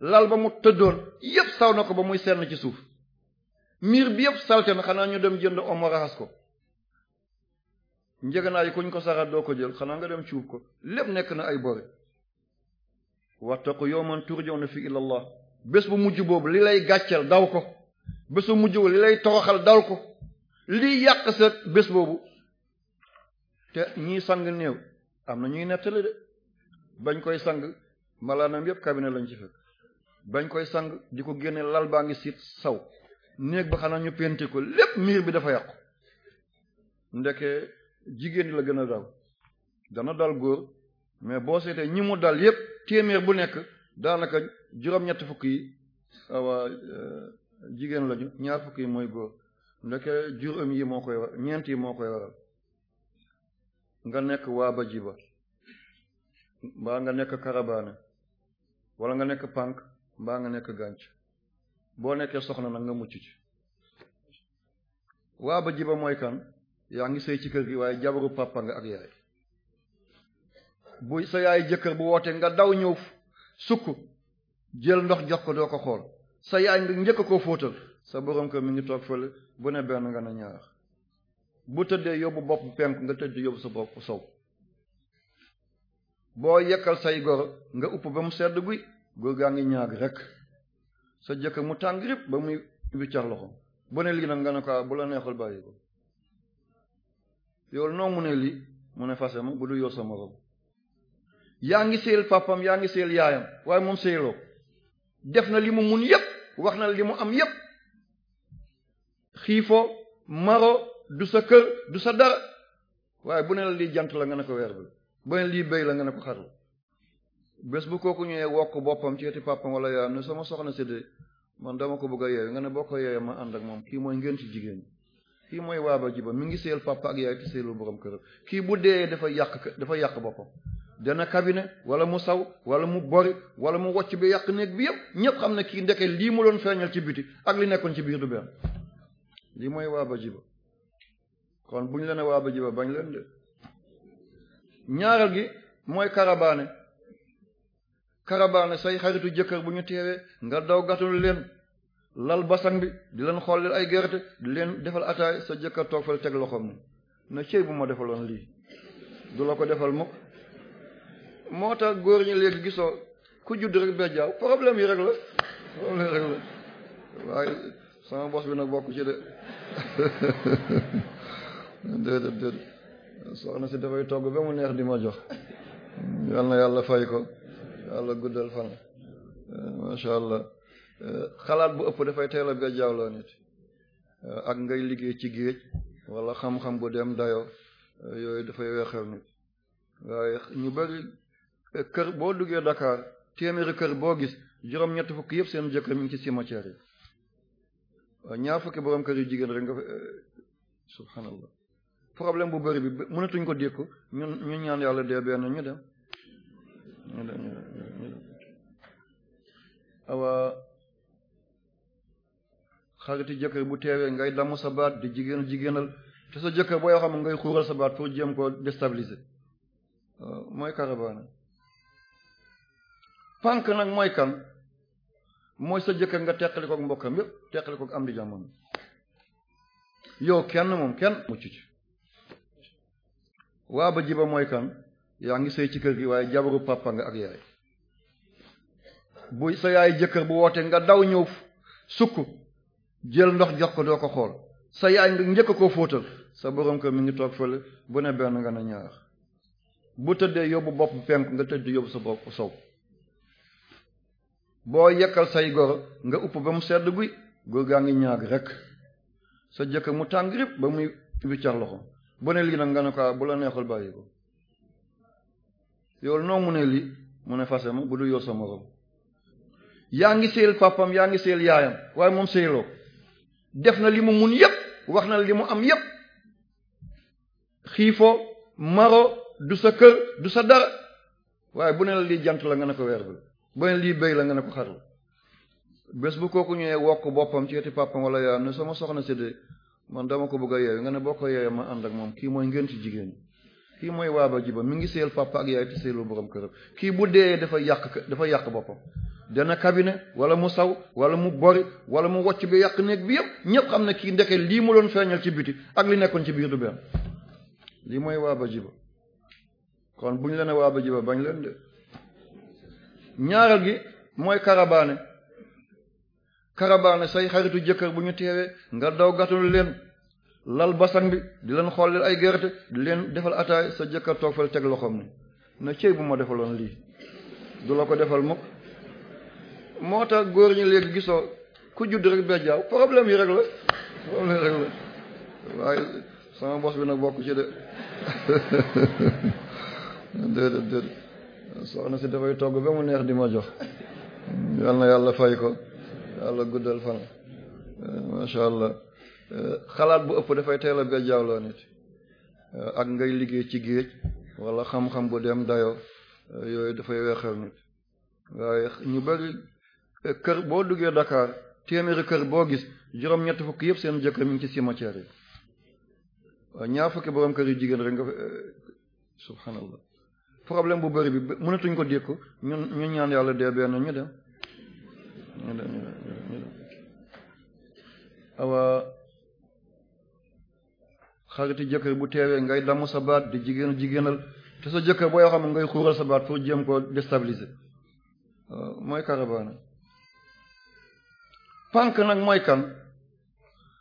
lal ba mu tëddoon yépp saw na ko ba muy senn ci suuf miir bi yépp salte na xanaa ñu dem jënd omo raxas ko njëganaay kuñ ko saxaat doo ko jël xanaa nga dem cuub ko lépp nekk na ay bori wattaqu yawman na fii ila allah bés bu mujj boobu li lay gàcceel daw ko bés bu mujj boobu li lay toroxal daw ko li yàq sa bés boobu te ñii sang néew am na ñuy nettali de bañ koy sang malaanam yépp cabinet lañ ci fekk bañ koy sang di ko génne lal baa ngi siit saw néeg ba xanaa ñu penti lépp miir bi dafa yàqu ndeke jigéen la gën a dal dana dal góor mais boo seetee ñi mu dal yépp téeméer bu nekk daanaka juróom-ñetti fukk yi awa ah euh, jigéen lañu ñaar fukk yi mooy góor ndeke juróom yi moo koy waral ñeent yi moo koy waral nga nekk waaba jiba mbaa nga nekk karabaane wala nga nekk pànk mbaa nga nekk gànc boo nekkee soxna nag nga mucc ci waaba jiba mooy kan yaa ngi sëy ci kër gi waaye jabaru papa ak yaay bu sa yaay jëkkër bu wootee nga daw ñëw sukk jël ndox jox ko doo ko xool sa yaay nga njëkk ko fóotal sa borom kër mi ngi toog fële bu ne benn nga ne ñaar bu tëddee yóbbu bopp penk nga tëdd yóbbu sa bopp sow boo yekkal say gor nga upp ba mu sedd guy góor gaa ngi ñaag rek sa jëkkër mu tàng rib ba muy bi car loxo bu ne lii nag nga ne ko ah, bu la neexul bàyyi ko yow noo mu ne lii mu ne fase ma bu du yow sama morom yaa ngi seel papam yaa ngi seel yaayam waaye moom seeloo def na li mu mun yépp wax na li mu am yépp xiifoo maro du sa kër du sa dara waaye bu ne la lii jant la nga ne ko weer bi bu lii béy la nga ne ko xar la bés bu kooku ñëwee wokk boppam ceeti papam wala yaayam ne sama soxna séddee man dama ko bëgg a yeewu nga ne bokk ko yeewee ma ànd ak moom kii mooy ngeen ci jigéen ñi kii mooy waaba ji ba mi ngi seel papa ak yaay te seelul borom këram kii bu dee dafa yàq dafa yàq boppam dana cabinet wala mu saw wala mu bori wala mu wocc bi yàq néeg bi yëpp ñëpp xam ne kii ndeke lii mu doon feeñal ci biti ak li nekkoon ci biir du benn lii mooy waaba ji kon bu ñu la ne waaba ji bañ leen de ñaareel gi mooy karabaane karabaane say xaritu jëkkër bu ñu teewee nga daw gàttul leen lal basang bi di leen xollil ay gerte di leen defal ataay sa jëkkër toog fal teg loxoom ne cëy bu ma defaloon lii du la ko defal mukk moo tax góor ñi léegi gisoo ku judd rek bee jaaw problème yi rek la problème waaye sama bos bi nag bokk ci de déedéet soxna si dafay togg ba mu neex di ma jox yal na yàlla fay ko yàlla guddal fan macha allah Euh, xalaat bu ëpp dafay teel a bejjawloo nit euh, ak ngay liggéey ci géej walla xam-xam bu dem dayo euh, yooyu dafay weexal nit waaye ñu bari kër boo duggee Dakar téeméeri kër boo gis juróom ñett fukk yëpp seen jëkkër mi ngi ci cimetière yi ñaar fukki borom kër yu jigéen rek nga subhanallah problème bu bëri bi mënatuñ ko dékku ñu ñaan yàlla dee benn ñu dem ñu dem ñu xariti jëkkër bu teewee ngay damu sa baat di jigéen jigéenal te sa jëkkër booy xam ngay xuural sa baat pour jéem koo déstabiliser euh, mooy karabaana pànk nag mooy kan mooy sa jëkkër nga teqali koog mbokkam yëpp teqali koog am di jàmmam kenn moom kenn mucc ci waa ba jiba mooy kan yaa ngi sëy ci kër gi waaye jabaru papa nga ak yaay bu sa yaay jëkkër bu wootee nga daw ñëw sukk jël ndox jox ko doo ko xool sa yaay nga njëkk koo fóotal sa borom ko mi ngi toog fële bu ne benn nga ne ñaar bu tëddee yóbbu bopp penk nga tëdd yóbbu sa bopp sow boo yekkal say goro nga upp ba mu sedd guy góor gaa ngi ñaar rek sa jëkk mu tàng rib ba muy wiccax loxo bu ne lii nag nga ne ko ah, bu la neexul bàyyi ko yow noo mu ne lii mu ne fase ma bu du yow sa morom yaa ngi sëyal papam yaa ngi sëyal yaayam waaye moom sëyaloo def na li mu mun yépp wax na li mu am yépp xiifoo maro du sa kër du sa dara waaye bu ne la lii jant la nga ne ko weer bi bu ne lii béy la nga ne ko xar la bés bu kooku ñëwee wokk boppam ci yeti papam wala yaayam ne sama soxna séddee man dama ko bëgg a yeewu nga ne boo ko yeewee ma ànd ak moom kii mooy ngént jigéen kii mooy waaba jiba mi ngi seel papa ak yaay te borom këram kii bu dee dafa yàq dafa yàq boppam dana kabine wala mu saw wala mu bori wala mu wocc bi yàq néeg bi yëpp ñëpp xam ne kii ndeke lii mu loon feeñal ci biti ak li nekkoon ci biir du benn lii mooy waaba jiba kon bu ñu la ne waaba jiba bañ leen de ñaareel gi mooy karabaane karabaane say xaritu jëkkër bu ñu teewee nga daw gàttul leen lal basang bi di leen xolleel ay gerte di leen defal ataay sa jëkkër toog fal teg loxoom ni na cëy bu ma defaloon lii du la ko defal mukk moo tax góor ñi léegi gisoo ku judd rek bee problème yi rek la problème yi rek la waaye sama bos bi nag bokk ci de soxna si dafay togg ba mu neex di ma jox yal yàlla fay ko yàlla guddal fan masha allah xalaat bu ëpp dafay teel a bejjaaw nit ak ngay liggéey ci géej walla xam-xam bu dem dayo yooyu dafay weexal nit waaye ñu bari kër boo duggee Dakar téeméeri kër boo gis juróom ñetti fukk yëpp seen jëkkër mi ngi ci cimetière yi waaw fukki borom kër yu jigéen rek nga eh, subhanallah problème bu bëri bi mënatuñ ko dékku ñun ñu ñaan yàlla dee benn ñu bu teewee ngay damm sa baat di jigéen jigéenal te sa jëkkër yoo xam ngay xuural sa baat pour jéem koo déstabiliser mooy karabaana pànk nag mooy kan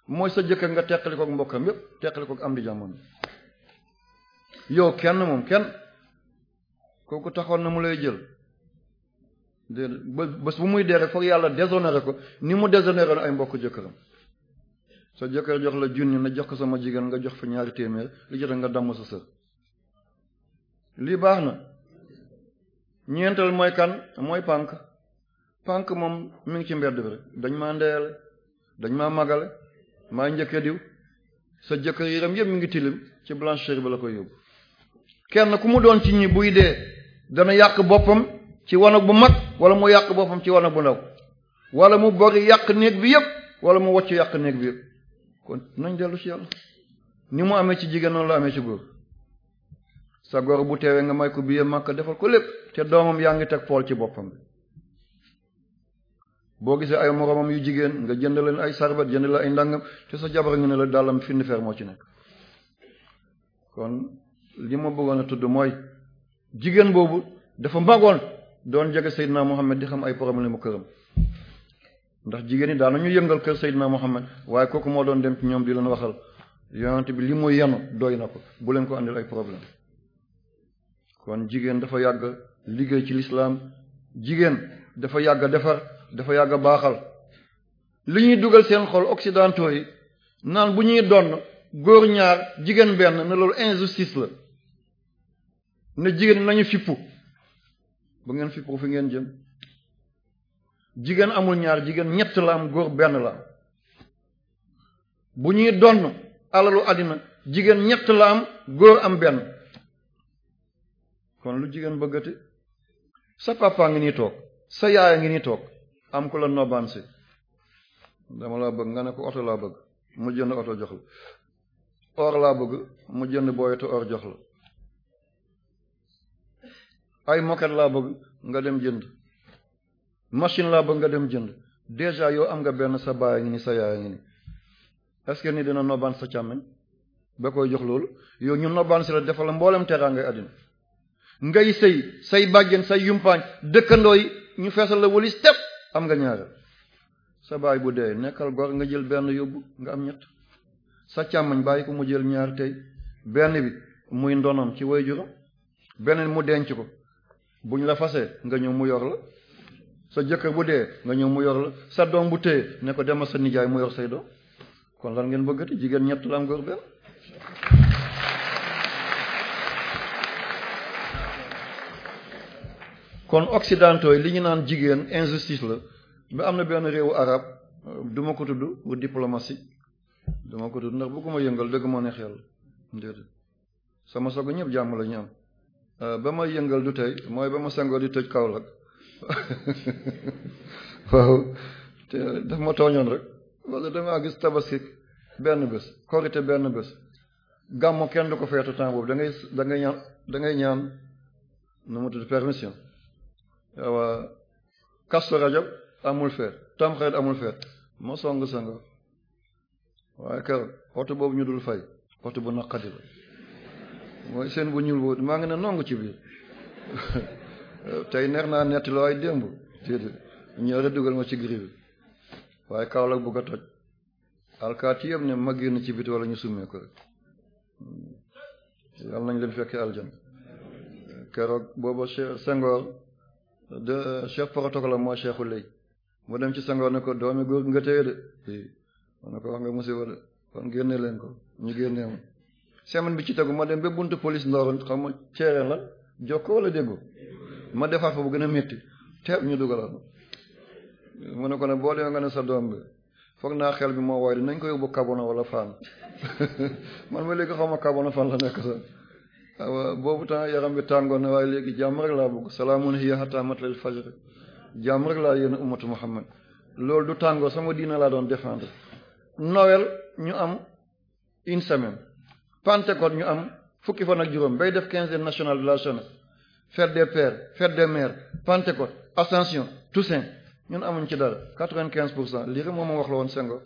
mooy sa jëkkër nga teqali koog mbokkam yépp teqali koog am di jàmmam yow kenn moom kenn kooku taxoon na mu lay jël déedéet ba bu muy dee rek foog yàlla déshonoré ko ni mu déshonoré ay mbokk jëkkëram sa jëkkër jox la junni na jox ko sama jigéen nga jox fa ñaari téeméer li jot nga damm sa sër lii baax na ñeenteel mooy kan mooy pànk pànk moom mi ngi ci mbedd bi rek dañ maa ndeyale dañ maa magale maa njëkke diw sa jëkkër yaram yëpp mi ngi tilim ci blancheur bi la koy yóbbu kenn ku mu doon ci ñi buy dee dana yàq boppam ci wanag bu mag wala mu yàq boppam ci wanag bu ndaw wala mu bori yàq néeg bi yëpp wala mu wocc yàq néeg bi yëpp kon nañ dellu si yàlla ni mu amee ci jigéen noonu la amee ci góor sa góor bu teewee nga may ko biir màkk defal ko lépp te doomam yaa ngi teg pool ci boppam boo gisee ay moromam yu jigéen nga jënd leen ay sarbat jënd leen ay ndàngam te sa jabar nga ne la dàllam findi fer moo ci nekk kon li ma bëggoon a tudd mooy jigéen boobu dafa mbagoon doon jege Seydina Muhammad di xam ay problème mu këram ndax jigéen ñi daan nañu yëngal kër Seydina Muhammad waaye kooku moo doon dem ñoom di leen waxal yonent bi li mu yenu doy na ko bu leen ko andil ay problème kon jigéen dafa yàgg liggéey ci lislaam jigéen dafa yàgg defar dafa yàgg baaxal li ñuy dugal seen xol occidentaux yi naan bu ñuy donn góor ñaar jigéen benn ne loolu injustice la ne jigéen nañu fippu bu ngeen fippu fi ngeen jëm jigéen amul ñaar jigéen ñett la am góor benn la bu ñuy donn alalu àddina jigéen ñett la am góor am benn kon lu jigéen bëggati sa papa ngi ni toog sa yaaya ngi ni toog am ku la nobaan dama laa bëgg nga ne ko oto laa bëgg mu jënd oto jox la laa bëgg mu jënd jox la ay moket laa bëgg nga dem jënd machine laa bëgg nga dem jënd déjà yow am nga benn sa baay ngi ni sa yaay ngi ni est-ce dina nobaan sa càmmiñ ba koy jox loolu yow ñu nobaan si la defal la mboolem teraangay àddina ngay sëy say bàjjen say yumpaañ dëkkandoo ñu feesal la walis tef am nga ñaareel sa baay bu dee nekkal gor nga jël benn yóbbu nga am ñett sa càmmañ bàyyi ko mu jël ñaar tey benn bi muy ndonom ci waajuram beneen mu denc ko buñ la fasee nga ñëw mu yor la sa jëkkër bu dee nga ñëw mu yor la sa doom bu téye ne ko demal sa nijaay mu yor say doom kon lan ngeen bëggati jigéen ñett la am benn kon occidentaux yi li ñu naan jigéen injustice la ba am na benn réewu arab duma ko tudd pour diplomatie du ma ko tudd ndax bëgguma yëngal dëgg moo ne xel déedéet sama soog ñëpp jàmm la am euh, ba ma yëngal du tey mooy ba ma sangoo di tëj Kaolack waaw te daf ma tooñoon rek wala damaa gis tabaski benn bés korite benn bés gàmmu kenn du ko feetu temps boobu da ngay da ngay ñaan da ngay ñaan nu mu tudd permission waaw kastu rajab amul feet tamxeet amul feet ma song sang waaye keroog oto boobu ñu dul fay oto bu naqadi la mooy seen bu ñuul boobu maa ngi ne nongu ci biir tey neex naa nett la waaye démb téedé ñëwre dugal ma ci giri bi waaye kaolag bugg a toj alkaati yëpp ne ma génn ci bit wala ñu summee ko rek hmm. yàlla nañ leen fekk aljan keroog booba Senghor de chef protocole am mooy cheikhu lay mu dem ci sangoor ne ko doomi nga téye de ma ne nga musiba de kon génne ko ñu génnee ma semaine bi ci tegu ma dem ba bunt police Ndorong ma ceereen la jokkoo la déggu ma defaat fa bu gën a metti teeb ñu dugalaat ma ne ko ne boo demee nga ne sa doom bi foog naa xel bi moo waay dinañ ko yóbbu kabono wala fan man ba léegi xaw ma kabono fan la nekk sax boobu temps yaram bi tàngoon na waaye léegi jàmm rek laa bëgg salaamun hiya hatta matla'il fajr jàmm rek laa yéen ummatu muhammad loolu du tàngoor sama diina laa doon défendre Noël ñu am une semaine Pentecôte ñu am fukki fan ak juróom bay def quinzaine nationale de la jeunesse fête des pères fête des mères Pentecôte Ascension Toussaint ñun amuñ ci dara quatre-vingt-quinze pour cent lii rek wax la woon sengo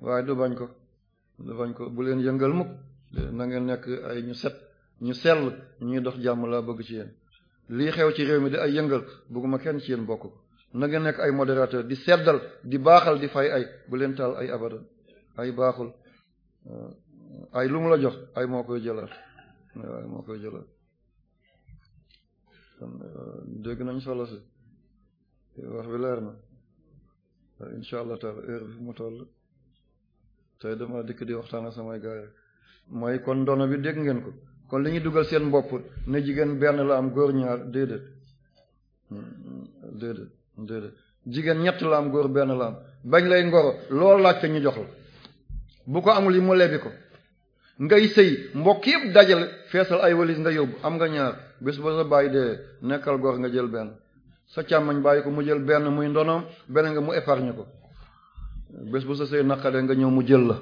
waaye du bañ ko du bañ ko bu leen yëngal mukk na nekk ay ñu set ñu sell ñuy dox jàmm laa bëgg ci yéen lii xew ci réew mi di ay yëngal bëgguma kenn ci yéen bokk na nga nekk ay modérateur di seddal di baaxal di fay ay bu leen taal ay abadan ay baaxul euh, ay lu mu la jox ay moo koy jëlaat ay moo koy euh, dégg nañ solo si wax bi leer na incha allah taala heure bi mu toll tey dama dikk di waxtaan ak samay gaay mooy kon ndono bi dégg ngeen ko kon li ñuy dugal seen bopp ne jigéen benn la am góor ñaar déedéet déedéet jigéen ñett la am góor benn la am bañ lay ngoro loolu laajte ñu jox la bu ko amul yi mu lebi ko ngay sëy mbokk yëpp dajale feesal ay walis nga yóbbu am nga ñaar bés ba sa bàyyi dee nekkal góor nga jël benn sa càmmañ bàyyi ko mu jël benn muy ndonoom benn nga mu épargne ko bés bu sa sëy naqadee nga ñëw mu jël la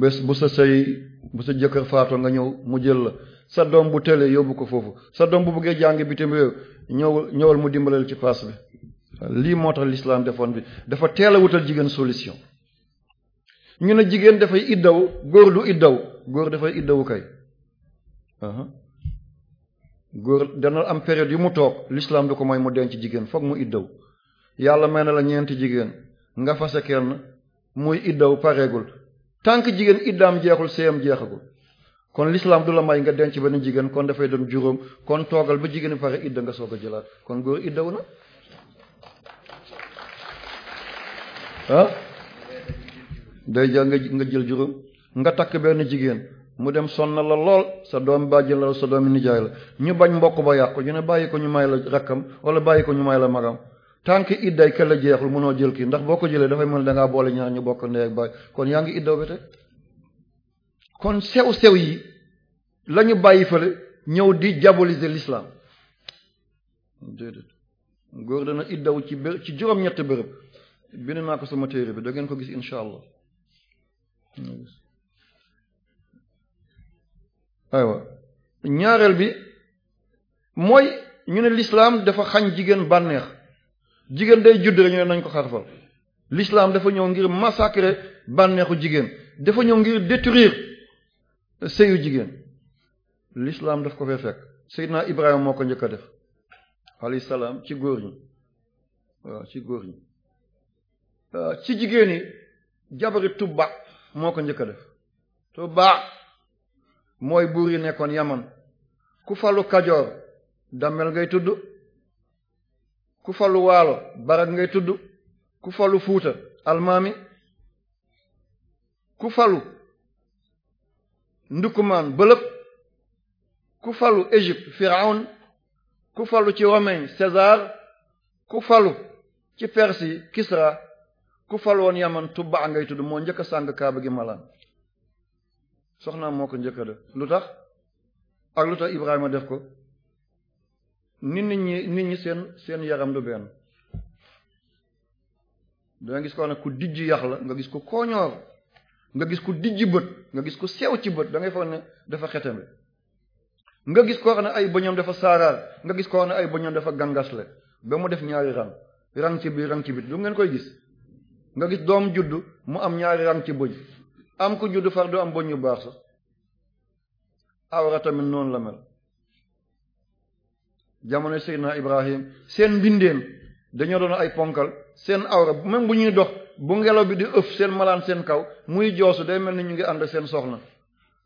bés bu sa sëy bu sa jëkkër faatoo nga ñëw mu jël la sa doom bu tëlee yóbbu ko foofu sa doom bu bëggee jàng bi réew ñëwal ñëwal mu dimbalal ci paas bi lii moo tax l'islam defoon bi dafa teel a wutal jigéen solution ñu ne jigéen dafay iddaw góor du iddaw góor dafay iddawu kay góor dana am période yu mu toog l'islam du ko mooy mu ci jigéen foog mu iddaw yàlla may na la ñeenti jigéen nga fase kenn muy iddaw pareegul tant que jigéen iddaam jeexul am jeexagul kon l'islam du la may nga denc benn jigéen kon dafay doon juróom kon toogal ba jigéen pare idda nga soog a jëlaat kon góor iddaw na ah day jël nga jël juróom nga takk benn jigéen mu dem sonna la lool sa doom bàjjen la sa doom nijaay la ñu bañ mbokk ba yàqu ñu ne bàyyi ko ñu may la rakkam wala bàyyi ko ñu may la magam tànk idday ke la jeexul mënoo jël kii ndax boo ko jëlee dafay mën dangaa boole ñaar ñu bokk ndey ak baay kon yaa ngi iddaw ba tey kon sew sew yi lañu bàyyi fële ñëw di diaboliser l'islam góor dana iddaw ci bër ci juróom ñetti bërëb bind naa ko sama téere bi da ngeen ko gis insha allah ñaareel bi mooy ñu ne lislaam dafa xañ jigéen bànneex jigéen day judd rek ñu ne nañ ko xarfal lislaam dafa ñëw ngir massacrer bànneexu jigéen dafa ñëw ngir détruire sëyu jigéen l'islam daf ko fee fekk Seydina Ibrahima moo ko njëkk a def alayhi salaam ci góor ñi waaw ci góor ñi ci jigéen yi jabari tubba moo ko njëkk a def tubba mooy buur yi nekkoon yaman ku falu kajoor dammel ngay tudd ku falu waalo barak ngay tudd ku falu fuuta almaami ku falu ndukumaan bëlëb ku falu Égypte Firawn ku falu ci Romain César ku falu ci Perse Kisra ku falu woon Yaman Tubba ngay tudd moo njëkk a sàng kaaba gi malaan soxnaam moo ko njëkk def lu tax ak lu tax Ibrahima def ko nit ñi nit ñi seen seen yaram du benn danga gis ko nag ku dijj yax la nga gis ko koñoor nga gis ko dijj bët nga gis ko sew ci bët da ngay foog dafa xetam nga gis koo xam ne ay bëñoom dafa saaraar nga gis koo xam ne ay bëñoom dafa gangasle ba mu def ñaari ran ran ci biir ran ci bit du ngeen koy gis nga gis doom judd mu am ñaari rang ci bëñ am ko juddu far du am bëñ yu baax sax awra tamit noonu la mel jamono Seydina Ibrahim seen mbindeen dañoo doon ay ponkal seen awra même bu ñuy dox bu ngelaw bi di ëf seen malaan seen kaw muy joosu day mel ni ñu ngi ànd seen soxna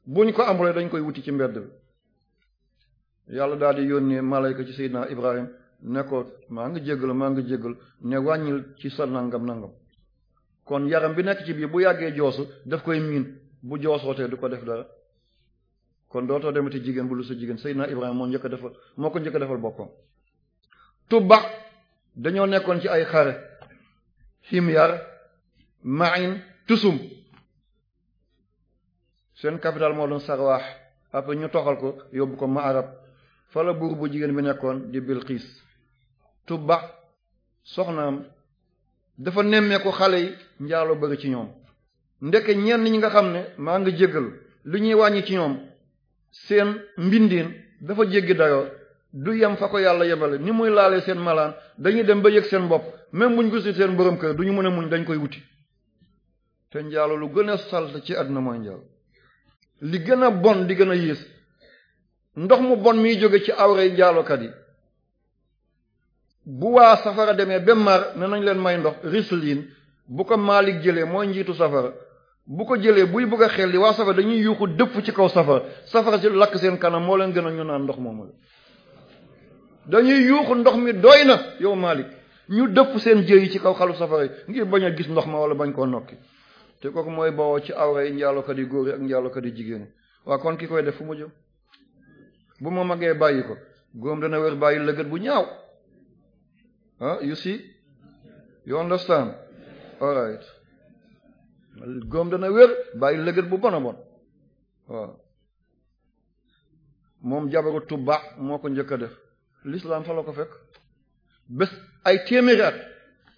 buñ ko amulee dañ koy wuti ci mbedd bi yàlla daal di yónnee malayka ci Seydina Ibrahim ne ko maa ngi la maa ngi jéggal ne wàññil ci sa nangam nangam kon yaram bi nekk ci biir bu yàggee joosu daf koy miin bu joosootee du ko def dara kon dootoo demati jigéen bu lu sa jigéen Seydina Ibrahima moo njëkk a defal moo ko njëkk a defal boppam Tuba dañoo nekkoon ci ay xare Himyar Ma'in Tusum seen capital moo doon Sarwaax après ñu toxal ko yóbbu ko ma arab la buur bu jigéen bi nekkoon di Bilqis Tuba soxnaam dafa nemmeeku xale yi njaaloo bëri ci ñoom ndeke ñenn ñi nga xam ne maa ngi jégal li ñuy wàññi ci ñoom seen mbindiin dafa jéggi dayoo du yem fa ko yàlla yemale ni muy laalee seen malaan dañuy dem ba yëg seen bopp même buñ gisul seen borom kër duñu mën a muñ dañ koy wuti te njaalo lu gën a salte ci àdduna mooy njaalo li gën a bon di gën a yées ndox mu bon miy jóge ci awrey njaalokat yi bu waa safara demee ba mar ne nañ leen may ndox risliin bu ko Maalik jëlee mooy njiitu safara bu ko jëlee buy bëgg a xel li waa safara dañuy yuuxu dëpp ci kaw safara safara si lakk seen kanam moo leen gën a ñu naan ndox moomu la dañuy yuuxu ndox mi doy na yow Malik ñu dëpp seen jë yi ci kaw xalu safara yi ngir bañ a gis ndox ma wala bañ koo nokki te kooku mooy bawoo ci awra yi njaalokat yi góor yi ak njaalokat yi jigéen waa kon ki koy def fu mu jëm bu ma magee bàyyi ko góom dana wér bàyyi lëgët bu ñaaw ah you see you understand all gom dana wér bàyyi lëgët bu bon a bon moom jabaru tubba moo ko njëkk a def l'islam fa la ko fekk bés ay téeméeri at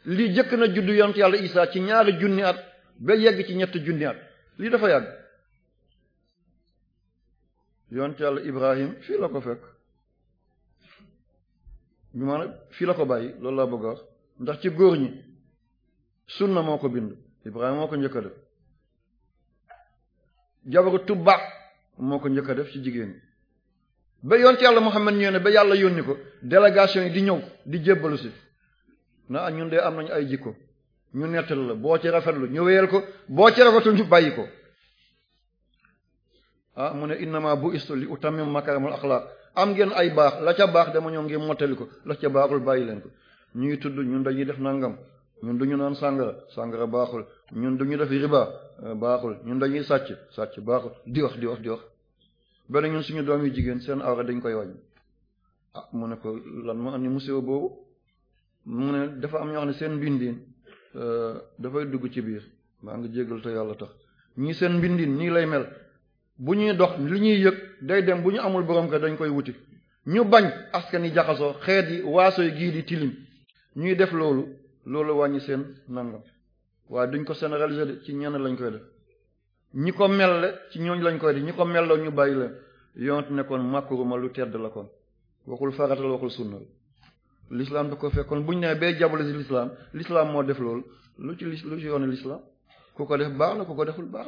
lii jëkk na judd yonent yàlla Isa ci ñaari junni at ba yegg ci ñetti junni at lii dafa yàgg yonent yàlla Ibrahim fii la ko fekk bi fii la ko bàyyi loolu laa bëgg a ndax ci góor ñi sunna moo ko bind Ibrahima moo ko njëkk a def jabaru tubba moo ko njëkk def ci jigéen ba yoon ci yàlla Muhammad ñëw ne ba yàlla yónni ko délégation yi di ñëw di jébbalu si na ah, ñun de am nañu ay jikko ñu nettal la boo ci rafetlu ñu wéyal ko boo ci rafetul ñu bàyyi ko ah mu ne innama bu istu li utammim makarimul axlaaq am ngeen ay baax la ca baax dama ñëw ngir mottali ko la ca baaxul bàyyi leen ko ñuy tudd ñun dañuy def nangam ñun du ñu naan sàngara sàngara baaxul ñun du ñu def riba euh, baaxul ñun dañuy sàcc sàcc baaxul di wax di wax di wax benn ñun suñu doom yi jigéen seen awra dañ koy wañ ah mu ne ko lan moo am ni musiba boobu mu ne dafa am ñoo xam ne seen mbindiin euh, dafay dugg ci biir maa ngi jégal te yàlla tax ñii seen mbindiin nii lay mel bu ñuy dox li ñuy yëg day dem bu ñu amul borom ka dañ koy wuti ñu bañ askan yi jaxasoo xeet yi waaso yi gii di tilim ñuy def loolu loolu wàññi seen nangam waaye duñ ko sénéralise de ci ñenn lañ koy def ñi ko mel ci ñooñ lañ koy def ñi ko melloo ñu bàyyi leen yonent ne kon màkkuruma lu tedd la kon waxul faratal waxul sunna l'islam da ko fekk kon ñu nee bay jabole si l'islam l'islam moo def loolu lu ci lu ci yoone l'islam ku ko def baax la ku ko deful baax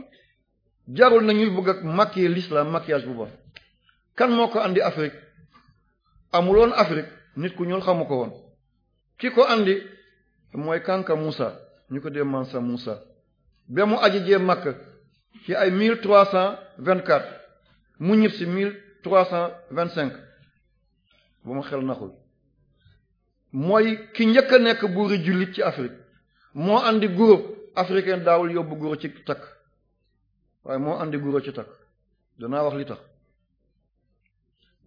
jarul nañuy bëgg ak maquiller l'islam maquillage bu baax kan moo ko andi Afrique amuloon Afrique nit ku ñuul xamu ko woon ki ko andi mooy kanka Moussa ñu ko dee Mansa Moussa ba mu aji jee Makka ci ay mille trois vingt quatre mu ñib si mille vingt cinq ba ma xel naxul mooy ki njëkk a nekk buuri jullit ci Afrique moo andi groupe africain daawul yóbbu guro ci takk waaye moo andi guro ci takk danaa wax li tax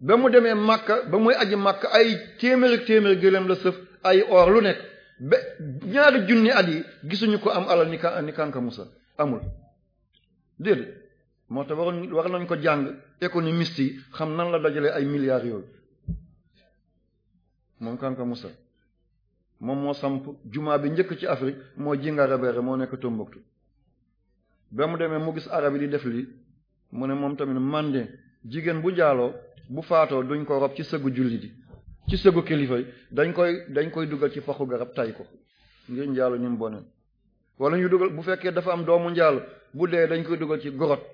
ba mu demee Makka ba muy aji màkk ay téeméeri téeméeri gëléem la sëf ay or lu nekk ba ñaari junni at yi gisuñu ko am alal ni ka ni Kanka Moussa amul déedéet moo tax waroon war nañ ko jàng économiste yi xam nan la dajale ay milliards yooyu moom Kanka Moussa moom moo samp jumaa bi njëkk ci Afrique moo Djingarabere moo nekk Tombouctou ba mu demee mu gis arab yi di def lii mu ne moom tamit man jigéen bu jaaloo bu faatoo duñ ko rob ci sëggu julli di ci sëggu kilifa yi dañ koy dañ koy dugal ci paxu garab tay ko ngir njaalu ñu mu bone wala ñu dugal bu fekkee dafa am doomu njaal bu dee dañ koy dugal ci grotte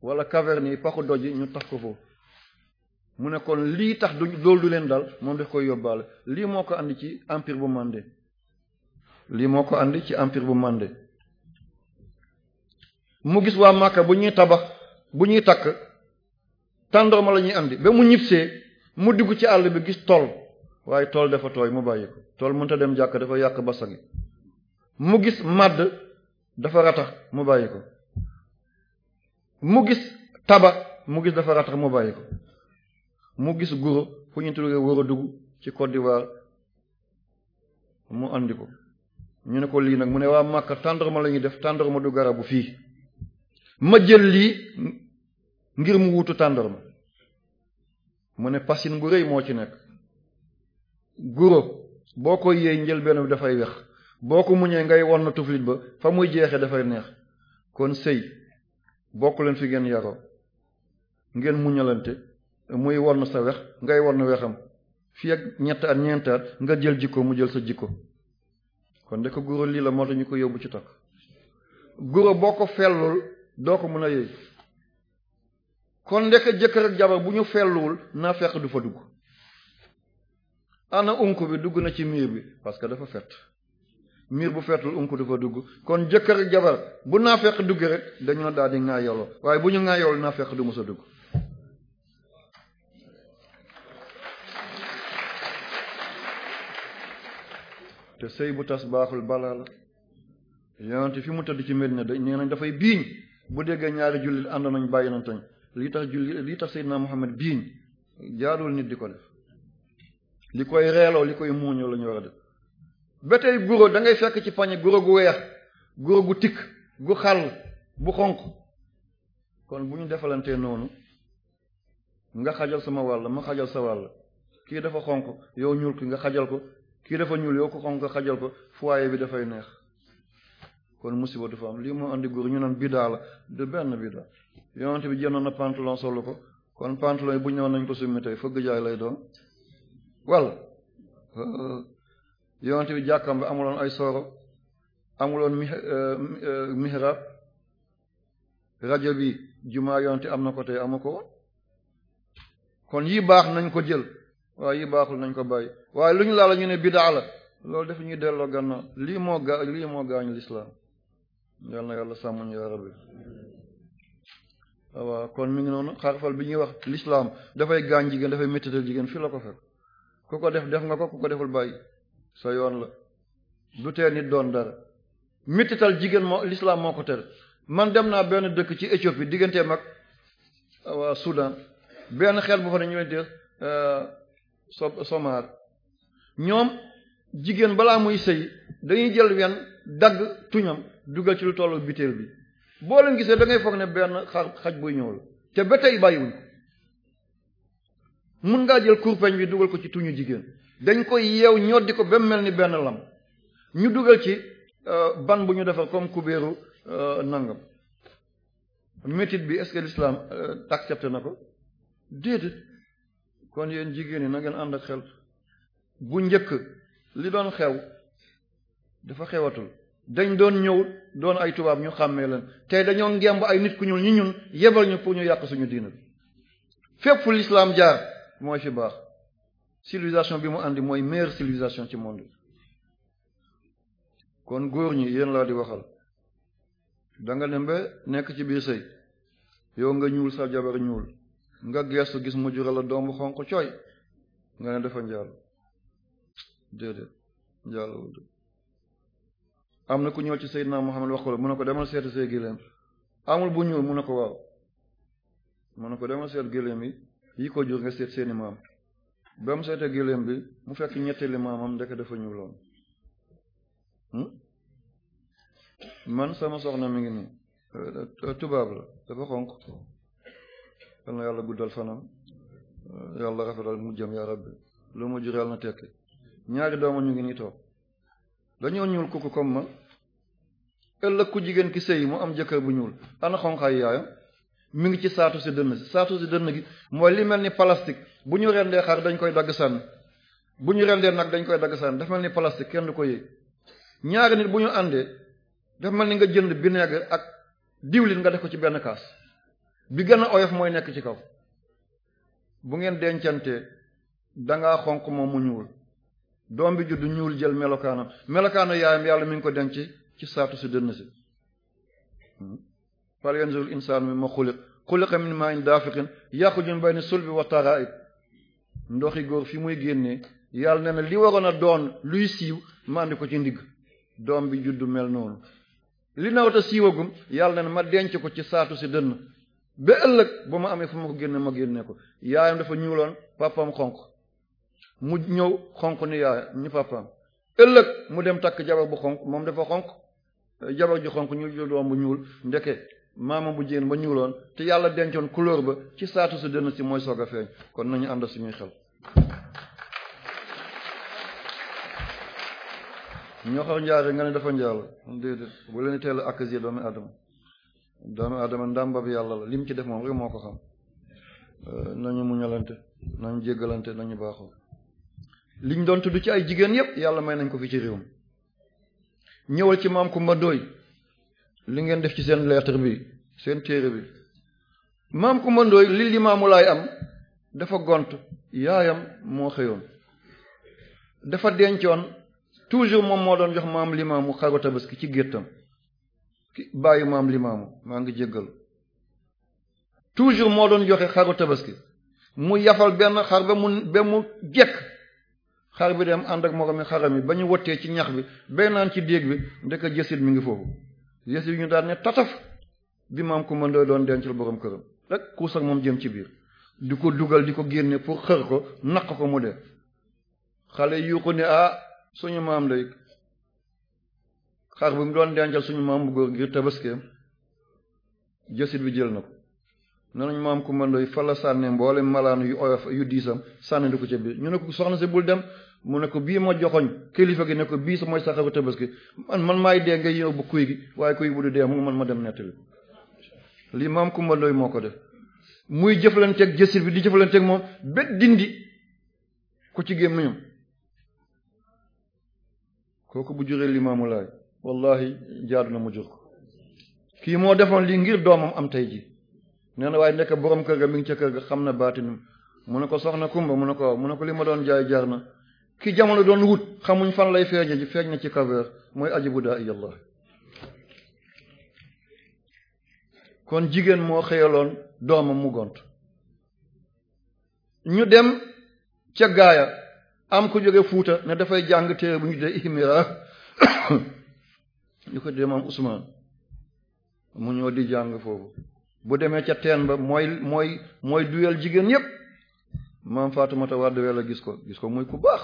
wala caverne yi paxu doj ñu tax ko foofu mu ne kon lii tax du loolu du leen dal moom daf koy yóbbaale lii moo ko andi ci empire bu Mandé lii moo ko andi ci empire bu Mandé mu gis waa Makka bu ñuy tabax bu ñuy takk tàndoorma la ñuy andi ba mu ñibsee mu dugg ci àll bi gis tool waaye tool dafa tooy mu bàyyi ko tool mënta dem jàkk dafa yàq basa gi mu gis màdd dafa ratax mu bàyyi ko mu gis taba mu gis dafa mu bàyyi mu gis guro fu ñu tuddee wóor a dugg ci Côte mu andi ko ñu ne ko lii nag mu ne waa Makka tàndarma la ñuy def ma du garabu fii ma jël lii ngir mu wutu ma mu ne pasin bu rëy moo ci nekk guro boo ko yéey njël benn bi dafay wex boo ko muñee ngay won na tuflit ba fa muy jeexee dafay neex kon sëy bokk leen fi ngeen yaroo ngeen muñalante muy won sa wex ngay won na wexam fi ak ñett at nga jël jikko mu jël sa jikko kon de ko guro lii la moo tax ñu ko yóbbu ci takk guro boo ko fellul doo ko mën a yéey kon ndek jëkkër jabar bu ñu felluwul naa fekk du fa dugg ana unku bi dugg na ci miir bi parce que dafa fet miir bu fettul unku du fa dugg kon jëkkër ak jabar bu naa fekk dugg rek dañoo daal di ŋaayoloo waaye bu ñu ŋaayoloo naa fekk du mos a dugg te sëy bu tas baaxul balaa la fi mu tëdd ci Medina dañ nee nañ dafay biiñ bu déggee ñaari jullit ànd nañ bàyyi nañ lii tax julli lii tax Seydina Muhammad biiñ jaarul nit di ko def li koy reeloo li koy muuñoo la ñu war a def ba tey guro dangay ngay fekk ci pañe guro gu weex guro gu tikk gu xàll bu xonq kon bu ñu defalantee noonu nga xajal sama wàll ma xajal sa wàll kii dafa xonq yow ñuul ki nga xajal ko kii dafa ñuul yow ko xonq nga xajal ko foyer bi dafay neex kon musiba du fa am lii moo andi góor ñu naan bidaa la du benn bidaa yonent bi jëndoon na pantalon solu ko kon pantalon bu ñëwoon nañ ko summi tey fëgg jaay lay doon uh, bi jàkkam bi ay soro amuloon mi uh, uh, rajo bi jumaa yonent am na ko amu ko kon yi baax nañ ko jël waaye baaxul nañ ko bàyyi waaye lu ñu laala ñu ne bidaa la loolu def ñuy delloo gannaaw lii moo gaa moo gaañ lislaam yal na yàlla sàmmuñ yaa rabbi waaw kon mi ngi noonu xarfal bi ñuy wax lislaam dafay gaañ jigéen dafay méttital jigéen fii la ko fekk ku ko def def nga ko ku ko deful bàyyi sa yoon la du tee nit doon dara méttital jigéen moo l'islam moo ko tere man dem naa benn dëkk ci Éthiopie digganteem ak ah, waa Soudan benn xel bu fa ne ñu leen di so somaar ñoom jigéen balaa muy sëy dañuy jël wenn dagg tuñam dugal ci lu tollu biteel bi boo leen gisee da ngay foog ne benn xar xaj buy ñëwul la te ba tey bàyyiwuñ ko mun ngaa jël kurpeñ bi dugal ko ci tuñu jigéen dañ koy yeew ñoddi ko ba mel ni benn lam ñu dugal ci euh, ban bu ñu defar comme kubéeru euh, nangam méthode bi est-ce que l'islam euh, accepté na ko déedéet kon yéen jigéen yi na ngeen ànd ak xel bu njëkk li doon xew dafa xewatul dañ doon ñëw doon ay tubaab ñu xàmmee leen tey dañoo ngemb ay nit ku ñuul ñi ñun yebal ñu pour ñu yàq suñu diina bi fépp l'islam jaar mooy fi baax civilisation bi mu àndi mooy meilleure civilisation ci monde kon góor ñi yéen laa di waxal danga ne dem ba nekk ci biir sëy yow nga ñuul sa jabar ñuul nga gestu gis mu jural la doomu xonq cooy nga ne defa njaal déedéet njaalawul am na ku ñëw ci Seydina Muhammad wax ko mun na ko demal seet see bu ñuul mun na ko waaw mun ko demal seet gëléem yi yi ko jur nga seet seeni maam ba mu seetee gëléem bi mu fekk ñetteeli maamam ndeke dafa ñuuloon hmm? man sama soxna mi ngi nii euh, euh, tubaab la dafa xonq yal na yàlla guddal fanam euh, yàlla rafetal mu jëm yaa rabbi lu mu jur yàlla na tekki ñaari dooma ñu ngi nii toog dañoo ñuul kooku comme ëllëg ku jigéen ki sëy mu am jëkkër bu ñuul ana xonqaay yaayam mu ngi ci saatu si dënn si saatu si dënn gi mooy li mel ni plastique bu ñu rendee xar dañ koy dagg sànni bu ñu rendee nag dañ koy dagg sànni dafa mel ni plastique kenn du ko yëg ñaari nit bu ñu àndee dafa mel ni nga jënd bi vinaigre ak diwlin nga def ko ci benn kaas bi gën a oyof mooy nekk ci kaw bu ngeen dencantee danga xonq moom mu ñuul doom bi judd ñuul jël melokaanam melokaanu yaayam yàlla mi ngi ko denc ci saatu si dënn si hmm? fal yanzuril insaanu mimmaa xuliqa xuliqa maa maa'in daafiqin yaxruju min bayni sulbi wa taraa'ib ndoxi góor fi muy génne yàlla nee na li waroon a doon luy siiw ma andi ko ci ndigg doom bi juddu mel noonu li nawata siiwagum yàlla nee na ma denc ko ci saatu si dënn ba ëllëg ba ma amee fu ma ko génne ma génne ko yaayam dafa ñuuloon papaam xonq mu ñëw xonq ni yaayam ni papaam ëllëg mu dem takk jabar bu xonq moom dafa xonq jabar ju xonq ñu jur doom bu ñuul ndeke maama bu jigéen ba ñuuloon te yàlla dencoon couleur ba ci saatu su dënn si mooy soog a kon nañu ànd suñuy xel ñoxor njaare nga ne dafa njaalo déedéet bu leen adama doomu adama ndàmba bi yàlla lim ci def moom rek moo ko xam euh, nañu muñalante nañu jéggalante nañu baaxoo liñ doon tudd ci ay jigéen yépp yàlla may nañ ko fi ci réew mi ñëwal ci maam Kumba Ndoy li ngeen def ci seen lettre bi seen téere bi maam Kumba Ndoy li limaamu am dafa gont yaayam moo xëyoon dafa dencoon toujours moom moo doon jox maam limaamu xaru tabaski ci géttam ki bàyyi maam limaamu maa ngi jéggal toujours moo doon joxe xaru tabaski mu yafal benn xar ba mu ba mu jekk xar bi dem ànd ak moromi xaram yi ba ñu wottee ci ñax bi bay naan ci déeg bi ndeka jësit mi ngi foofu jësit ñu daan ne tataf bi maam ku mën doon dencal borom këram rek kuus ak moom jëm ci biir di ko dugal di ko génne pour xër ko naq ko mu dee xale yu ko ne ah suñu maam lay xar bi mu doon dencal suñu maam bu góor ngir tabaskeem jësit bi jël na ko noonu ñu maam ku mën doy fa mboole malaan yu oyof yu diisam sànni di ko ca biir ñu ne ko soxna si bul dem mu ne ko bii ma joxoñ kilifa gi ne ko bii sa mooy saxaru tabaski man man maay dee nga yow bu kuy gi waaye kuy bu du dee mu man ma dem nettali lii maam ku moo ko def muy jëflanteeg jësir bi di jëflanteeg moom bet dindi ko ci gémmiñam kooku bu juree limaamu laay wallahi jaadu na mu jur ko moo defoon lii ngir doomam am tey ji nee na waaye nekk borom kër ga mi ngi ca kër ga xam na baatin mu ne ko soxna Kumba mu ne ko mun ne ko li ma doon jaay jaar na ki jamono doon wut xamuñ fan lay feeñe ji feeñ na ci kaver mooy ajibu daa iyallah kon jigéen moo xëyeloon doomam mu gont ñu dem ca gaaya am ku jóge fuuta ne dafay jàng téere bu ñu dee ihmira ñu ko dee maam Usmaan mu ñëw di jàng foofu bu demee ca teen ba mooy mooy mooy duyal jigéen yépp maam Faatumata Wade la gis ko gis ko muy ku baax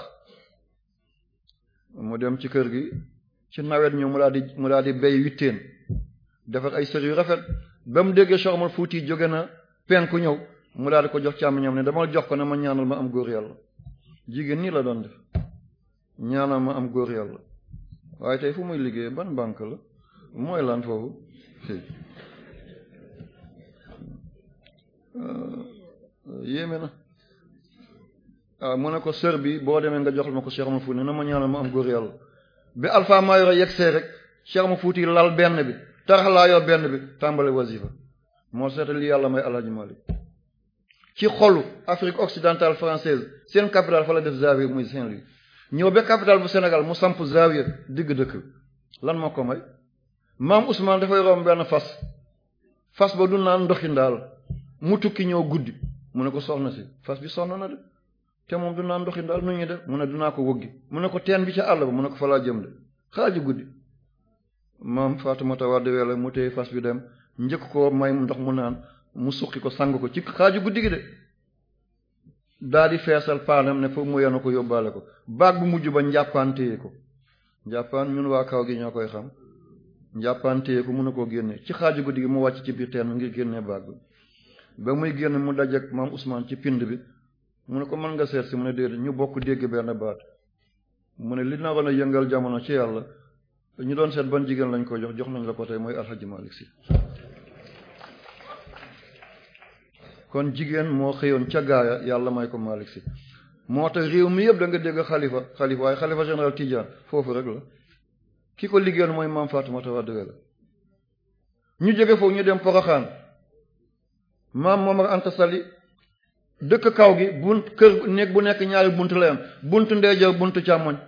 mu dem ci kër gi ci nawet ñu mu daal di mu daal di béy witteen defar ay sër yu rafet ba mu déggee Cheikh fuuti jóge na penk ñëw mu daal di ko jox càmmiñam ne dama jox ko ne ma ñaanal ma am góor yàlla jigéen nii la doon def ñaanal ma am góor yàlla waaye tey fu muy liggéey ban banque la mooy lan foofu Euh, yéeme na waaw ah, mu ne ko sër bi boo demee nga jox ma ko Cheikh Omar Fouti na ma ñaanal ma am góor yàlla bi Alpha Mayoro yegsee rek Cheikh Omar Fouti lal benn bi taraxlaayoo benn bi tàmbale wasifa moo seeta li yàlla may Alaaji Malik ci xolu Afrique occidentale française seen capital fa la def Zawiya muy Saint-Louis ñëw ba capitale bu Sénégal mu samp Zawiya digg dëkk lan moo ko may maam Ousmane dafay romb benn fas fas ba du naan ndoxi ndaal mu tukki ñëw guddi mu ne ko soxna si fas bi soxna na de te moom du naan ndoxi daal nu ñuy def mu ne dunaa ko wëggi mu ne ko teen bi ci àll ba mu ne ko falaa jëm de xaaju guddi maam Faatumata Wade Wele mu téye fas bi dem njëkk ko may ndox mu naan mu suqi ko sang ko ci xaaju guddi gi de daal di feesal paanam ne foog mu yenu ko yóbbaale ko baag bu mujj ba njàppaan téye ko njàppaan ñun waa kaw gi ñoo koy xam njàppaan téye ko mun na koo génne ci xaaju guddi gi mu wàcc ci biir teen ngir génne baag bi ba muy génn mu dajeek maam Ousmane ci pind bi mu ne ko mën nga seet si mu ne déedéet ñu bokk dégg benn baat mu ne li naroon a yëngal jamono ci yàlla ñu doon seet ban jigéen lañ ko jox jox nañ la ko tey mooy alxaji Malik Si kon jigéen moo xëyoon ca gaaya yàlla may ko Malik Si moo tax réew mi yëpp da nga dégg xalifa xalifa waaye xalifa général Tidiane foofu rek la ki ko liggéeyoon mooy maam Fatimata Wade la ñu jóge foofu ñu dem Poroxaan maam Momar Anta Sali dëkk kaw gi bunt kër bu nekk ñaari bunt la am bunt ndeyjoor buntu nit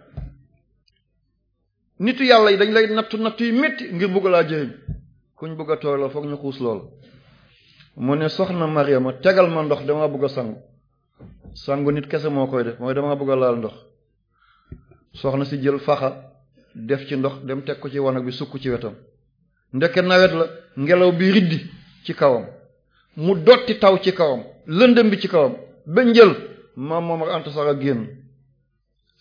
nitu yàlla yi dañ lay nattu nattu yi métti ngir bugg laa jëriñ kuñ bugg a tooy la foog ñu xuus lool mu ne soxna Mariama tegal ma ndox dama bëgg a sangu sangu nit kese moo koy def mooy dama bëgg a laal ndox soxna si jël faxa def ci ndox dem teg ko ci wanag bi sukk ci wetam ndeke nawet la ngelaw bi riddi ci kawam mu dotti taw ci kawam lëndëm bi ci kawam ba njël maam moom ak Anta Sara génn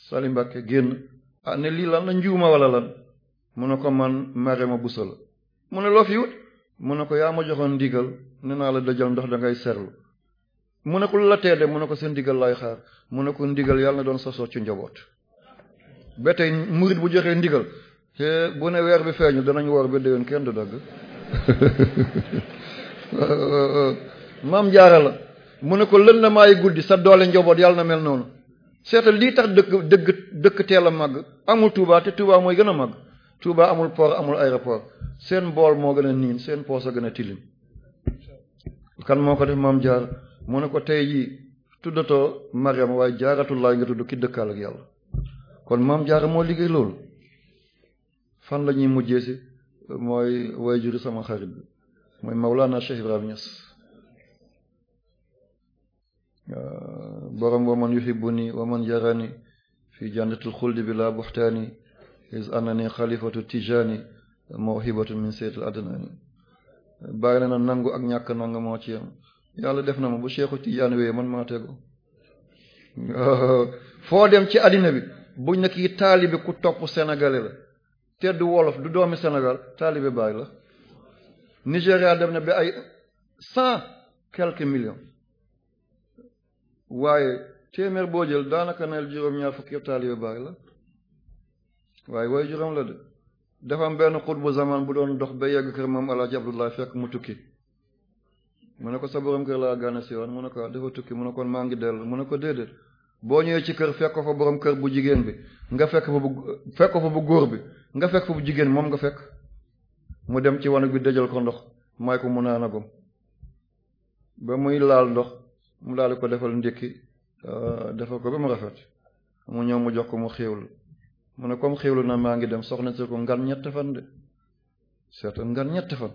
Salim Mbakke génn ah ne lii lan la njuuma wala lan mu ne ko man ma Bousso la mu ne loo fi wut mu ne ko yaa ma joxoon ndigal ne naa la dajal ndox da ngay seetlu mu ne ko la teede mu ne ko seen ndigal lay xaar mu ne ko ndigal yàlla na doon sosoo ci njaboot ba tey bu joxee ndigal te bu ne weer bi feeñu danañ woor ba déwén kenn du dagg maam jaara la mu ne ko lën na maay guddi sa doole njaboot yàlla na mel noonu seetal lii tax dëkk dëgg dëkk teel a màgg amul Touba te Touba mooy gën a mag tuubaa amul port amul aéroport seen bool moo gën a niin seen poos a gën a tilim kan moo ko def maam jaar mu ne ko tey jii tuddatoo Mariam waaye jaaratullaay nga tudd ki dëkkaal yàlla kon maam jaar moo liggéey loolu fan la ñuy mujjee si mooy way juri sama xarit bi mooy Mawlana Cheikh Ibrahim Niass borom wa man yuhibbuni wa man yarani fi jannatil xuldi bi la is annani xalifatu tijaani mawhibatu min sayyidil adnaani bàyyi na nangu ak ñàkk nangu moo ci yam def na ma bu Cheikhu Tijaani wéyee man maa tegu dem ci addina bi bu nekk taalibe ku topp sénégalais la te du wolof du doomi Sénégal taalibe bàyyi la Nigéria dem na ba ay cent quelques millions waaye téeméer boo jël daanaka neel juróom-ñaar fukki yëpp taalibe baay la waaye waaye juróom la de dafa am benn xut bu zaman bu doon dox ba yegg kër moom Alaaji Abdoulaye fekk mu tukki mu ne ko sa borom kër laa gane si woon mu ne ko ah, dafa tukki mu ne kon maa ngi dellu mu ne ko déedéet boo ñëwee ci kër fekk fa borom kër bu jigéen bi nga fekk fa bu fekk ko fa bu góor bi nga fekk fa bu jigéen moom nga fekk mu dem ci wanag bi dëjal ko ndox may ko mu naanagum ba muy laal ndox mu daal di ko defal ndékki euh, defal ko ba mu rafet mu ñëw mu jox ko mu xéwlu mu ne comme xéwlu na maa ngi dem soxna si ko ngan ñett fan de seetal ngan ñett fan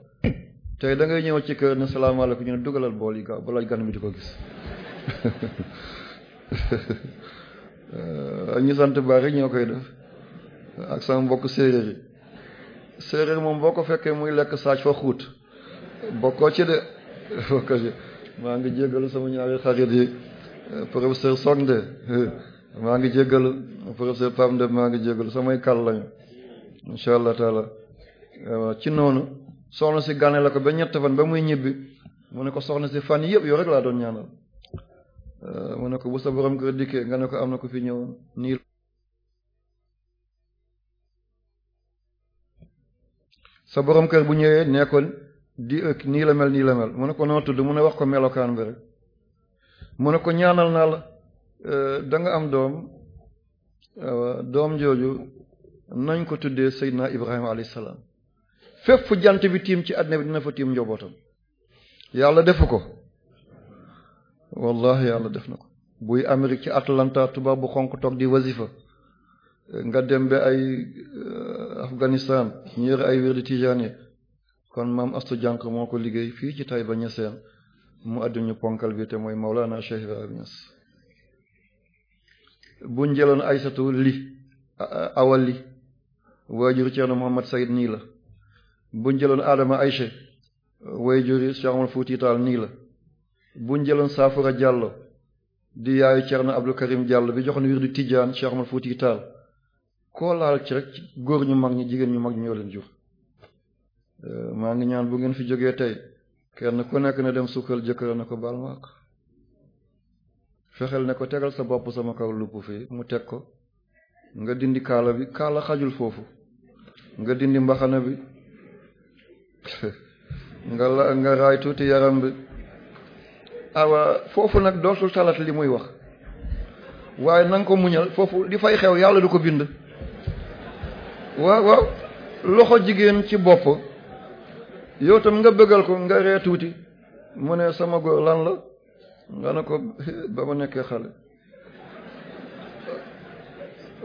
te da ngay ñëw ci kër ne salaamaaleykum ñu ne dugalal bool yi gaaw balaa gan bi di ko gis ak euh, ñu sant bari ñoo koy def ak sama mbokk séeréer yi séeréer moom boo ko fekkee muy lekk saaj fa xuut bokkoo ci de bokkoo maa ngi jéggalu sama ñaari xarit yi professeur Songde maa ngi jéggalu professeur maa ngi jéggalu samay kal lañu insha allah taala ci noonu soxna si gànne la ko ba ñett fan ba muy ñibbi mu ne ko soxna si fan yëpp yow rek laa doon ñaanal mu ne ko bu sa borom kër dikkee nga ne ko am na ko fi ñëw nii sa borom kër bu ñëwee nee ko di nii la mel nii la mel mu ne ko noo tudd mu ne wax ko melokaan bi rek mu ne ko ñaanal naa la euh, da am doom doom jooju nañ ko tuddee Seydina Ibrahima alayhi salaam fépp fu jant bi tiim ci àddina bi dina fa tiim njobootam yàlla def ko wallahi yàlla def na ko buy Amérique ci Atlanta tubaab bu xonk toog di wazifa nga dem ba ay euh, Afghanistan ñu yore ay wirdu tijaani kon maam Astu Jànk moo ko liggéey fii ci Taïba Niassène mu àddina ñu ponkal bi te mooy Mawlana Cheikh Ibrahim Niass bu njëloon Aysatu li awali waajur Ceerno Muhammad Sayid nii la bu njëloon Adama Ayse waajur Cheikh Omar Fuuti Taal nii la bu njëloon Saafura Jàllo di yaayu Ceerno Abdul Karim Jàllo bi joxoon wirdu tijaan Cheikh Omar Fuuti Taal koo laal ci rek góor ñu mag ñi jigéen ñu mag ñi ñoo leen jur euh, maa ngi ñaan bu ngeen fi jógee tey kenn ku nekk na dem sukkal jëkkëra na ko baal ma ak ne ko tegal sa bopp sama kaw lupp fii mu teg ko nga dindi kaala bi kaala xajul foofu nga dindi mbaxana bi nga la nga tuuti yaram bi awa nag dootul talat li muy wax waaye nanga ko muñal foofu li fay xew yàlla du ko bind waaw waaw loxo jigéen ci bopp yow tam nga bëggal ko nga ree tuuti mu ne sama góor lan la nga ne ko ba ma nekkee xale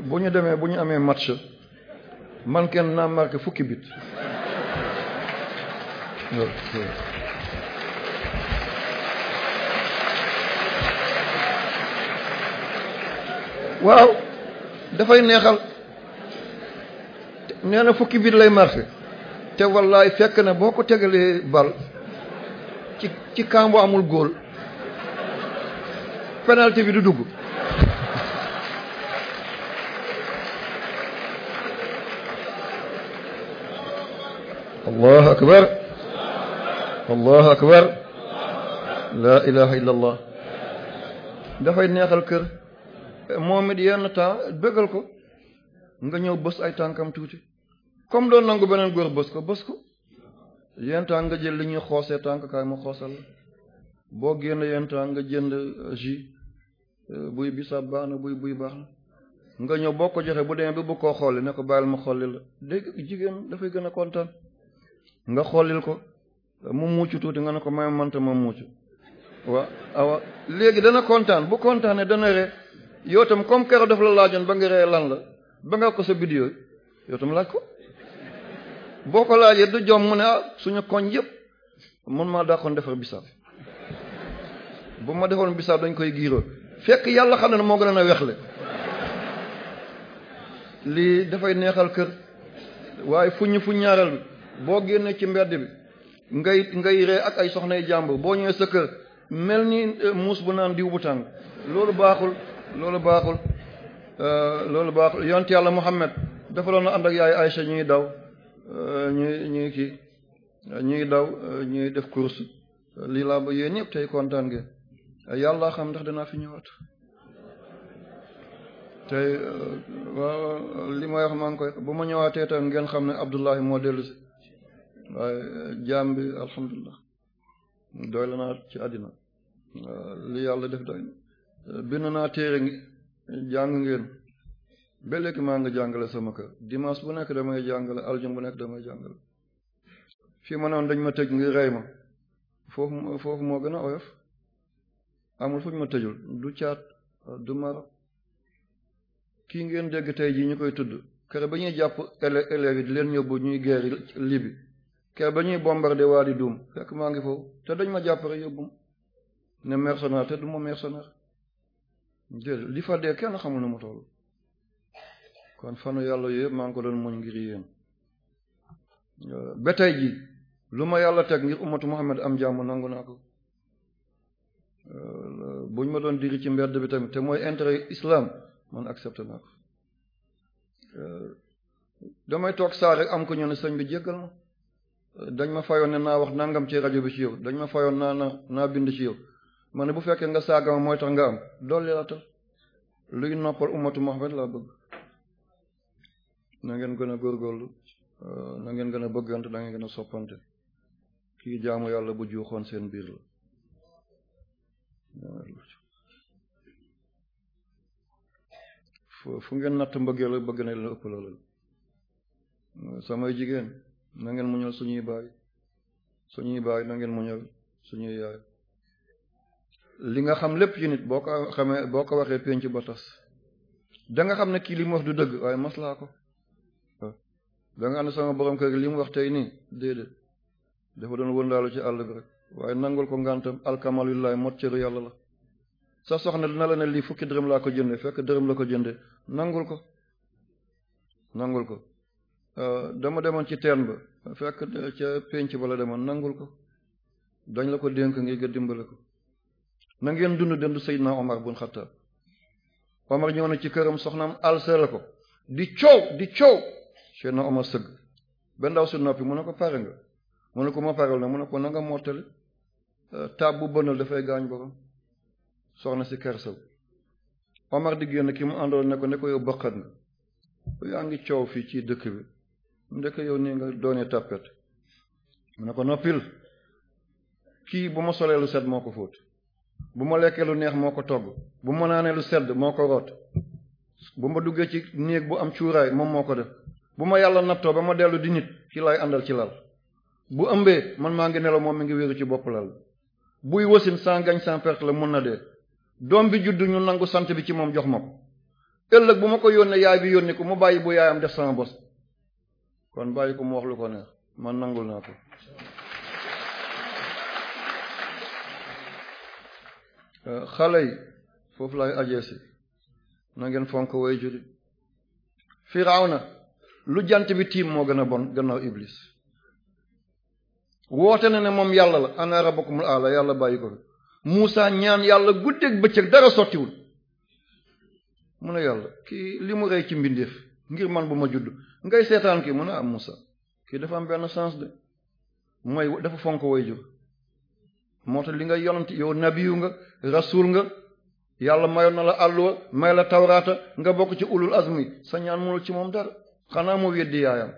bu ñu demee bu ñu amee match man kenn naa marqué fukki bit waaw dafay neexal nee na fukki bit lay marché te wallaay fekk na boo ko tegalee bal ci ci camp bu amul góol penalty bi du dugg allahu akbar allahu akbar illa allah dafay neexal kër moom it yenn temps bëggal ko nga ñëw bës ay tànkam tuuti comme doon nangu beneen góor bës ko bës ko yenn temps nga jël li ñuy xoosee tànk kaay mu xoosal la boo génn yenn nga jënd euh, ji euh, buy bisaab baax na buy buy baax nga ñëw boo ko joxee bu demee bu koo xolli ne ko bàyyil ma xolli la dégg jigéen dafay gën a kontaan nga xollil ko mu muucu tuuti nga ne ko may manta ma muucu waa awa ah, léegi dana kontaan bu kontaanee dana ree yow tam comme keroog daf la laajoon ba nga ree lan la ba nga ko sa bidéo yow tam laaj ko boo ko laajee du jom mu ne ah suñu koñ yëpp man maa daa koon defar bisaab bu ma defoon bisaab dañ koy giiroo fekk yàlla xam ne moo gën a wexle lii dafay neexal kër waaye fuñ fuñ ñaareel bi boo génnee ci mbedd bi ngay ngay ree ak ay soxnay jàmbur boo ñëwee sa kër mel ni eh, muus bu naan diw bu tàng loolu baaxul loolu baaxul Euh, loolu baax yonent yàlla Muhammad dafa doon ànd ak yaay Aysa ñuy daw euh, ñuy ñuy kii ñuy daw euh, ñuy def course lii laa ba yéen ñëpp tey kontaan ngeen yàlla xam ndax danaa fi ñëwaat tey waaw li may wax maa koy bu ma ñëwaatee tam ngeen xam ne Abdullahi moo dellu si waaye jaam bi alhamdulilah doy naa ci àddina li yàlla def doy na bind naa téere ngi jàng ngeen ba léegi maa ngi jàngale sama kër dimanche bu nekk damay jàng aljum bu nekk damay jàngale fii ma noonu dañ ma tëj ngi rey ma foofu foofu moo gën a oyof amul fuñ ma tëjul du caat du mar kii ngeen dégg tey jii ñu koy tudd kër ba ñuy jàpp élèves yi di leen yóbbu ñuy guerre Libye kër ba ñuy bombardé waa di duum fekk maa ngi foofu te dañ ma jàpp rek yóbbum ne mercenaire te du ma mercenaire déedéet li fa dee kenn xamul na mu kon fanu yàlla yooyu yëpp maa ngi ko doon muñ ngir yéen ba ji lu ma yàlla teg ngir ummatu Muhammad am jàmm nangu naa ko buñ ma doon diri ci mbedd bi tamit te mooy intérêt islam man accepté naa damay toog saa rek am ko ñu ne sëñ bi jéggal ma dañ ma fayoon ne naa wax nangam ci rajo bi ci yow dañ ma fayoon naa naa naa bind ci yow ma ne bu fekkee nga saaga mooy tax nga am dolli la tal luy noppal ummatu Muhammad laa bëgg na ngeen gën a góorgóorlu euh, na ngeen gën a bëggant na gën a soppante kii jaamu yàlla bu juuxoon seen biir la fu ngeen natt mbëggeel la bëgg na ëpp la samay jigéen na ngeen muñal suñuy baay suñuy baay na ngeen muñal suñu yaay li nga xam lépp ci nit boo ko xamee boo ko waxee penc ba tas da xam ne kii lii mu wax du dëgg waaye maslaa ko da nga ànd sama borom kër li mu wax tey nii déedéet dafa doon wëndaalu ci àll bi rek waaye nangul ko ngantam alkamalullahi mot cëru yàlla la sa soxna dina la ne lii fukki dërëm laa ko jënde fekk dërëm la ko jënde nangul ko nangul ko euh, dama demoon ci teen ba fekk ca penc ba la demoon nangul ko dañ la ko dénk ngay nga dimbale ko na ngeen dund dund Seydina Omar bun Xattaab Omar ñëw na ci këram soxnaam alsee la ko di coow di coow Seydina Omar sëgg ba ndaw si noppi mu ne ko pare nga mu ne ko ma parel mu ne ko na nga mottali euh, taab bu bënal dafay gaañ borom soxna si kersaw Omar di génn ki mu àndoon ne ko ne yow bëqat nga yaa ngi coow fii ci dëkk bi ndek yow nii nga doonee tàppet mu ne ko noppil kii bu ma solee lu set moo ko fóot bu ma lekkee lu neex moo ko togg bu ma naanee lu sedd moo ko root bu ma duggee ci néeg bu am cuuraay moom moo ko def bu ma yàlla nattoo ba ma dellu di nit ci lay àndal ci lal bu ëmbee man maa ngi nelaw moom mi ngi wéeru ci bopp lal buy wasin sans gagne sans perte la mën na dee doom bi judd ñu nangu sant bi ci moom jox ma ko ëllëg bu ma ko yónnee yaay bi yónnee ko mu bàyyi bu yaayam def sama bos kon bàyyi ko mu wax lu ko neex man nangul naa ko Euh, xale yi foofu lay ajeesi na ngeen fonk way juri firawna lu jant bi tiim moo gën a bon gannaaw iblis woote na ne moom yàlla la ana rabbakumul ala yàlla bàyyi ko fi Musa ñaan yàlla guddeeg bëccëg dara sottiwul mu ne yàlla kii li mu rey ci mbindeef ngir man bu ma judd ngay seetaan kii mu ne am ah, Musa kii dafa am benn sens de mooy dafa fonk way jur moo tax li nga yonent yow nabiyu nga rasul nga yàlla mayoon na la àlluwa may la tawraata nga bokk ci ulul azmi sa ñaan mënul ci moom dara xanaa mu weddi yaayam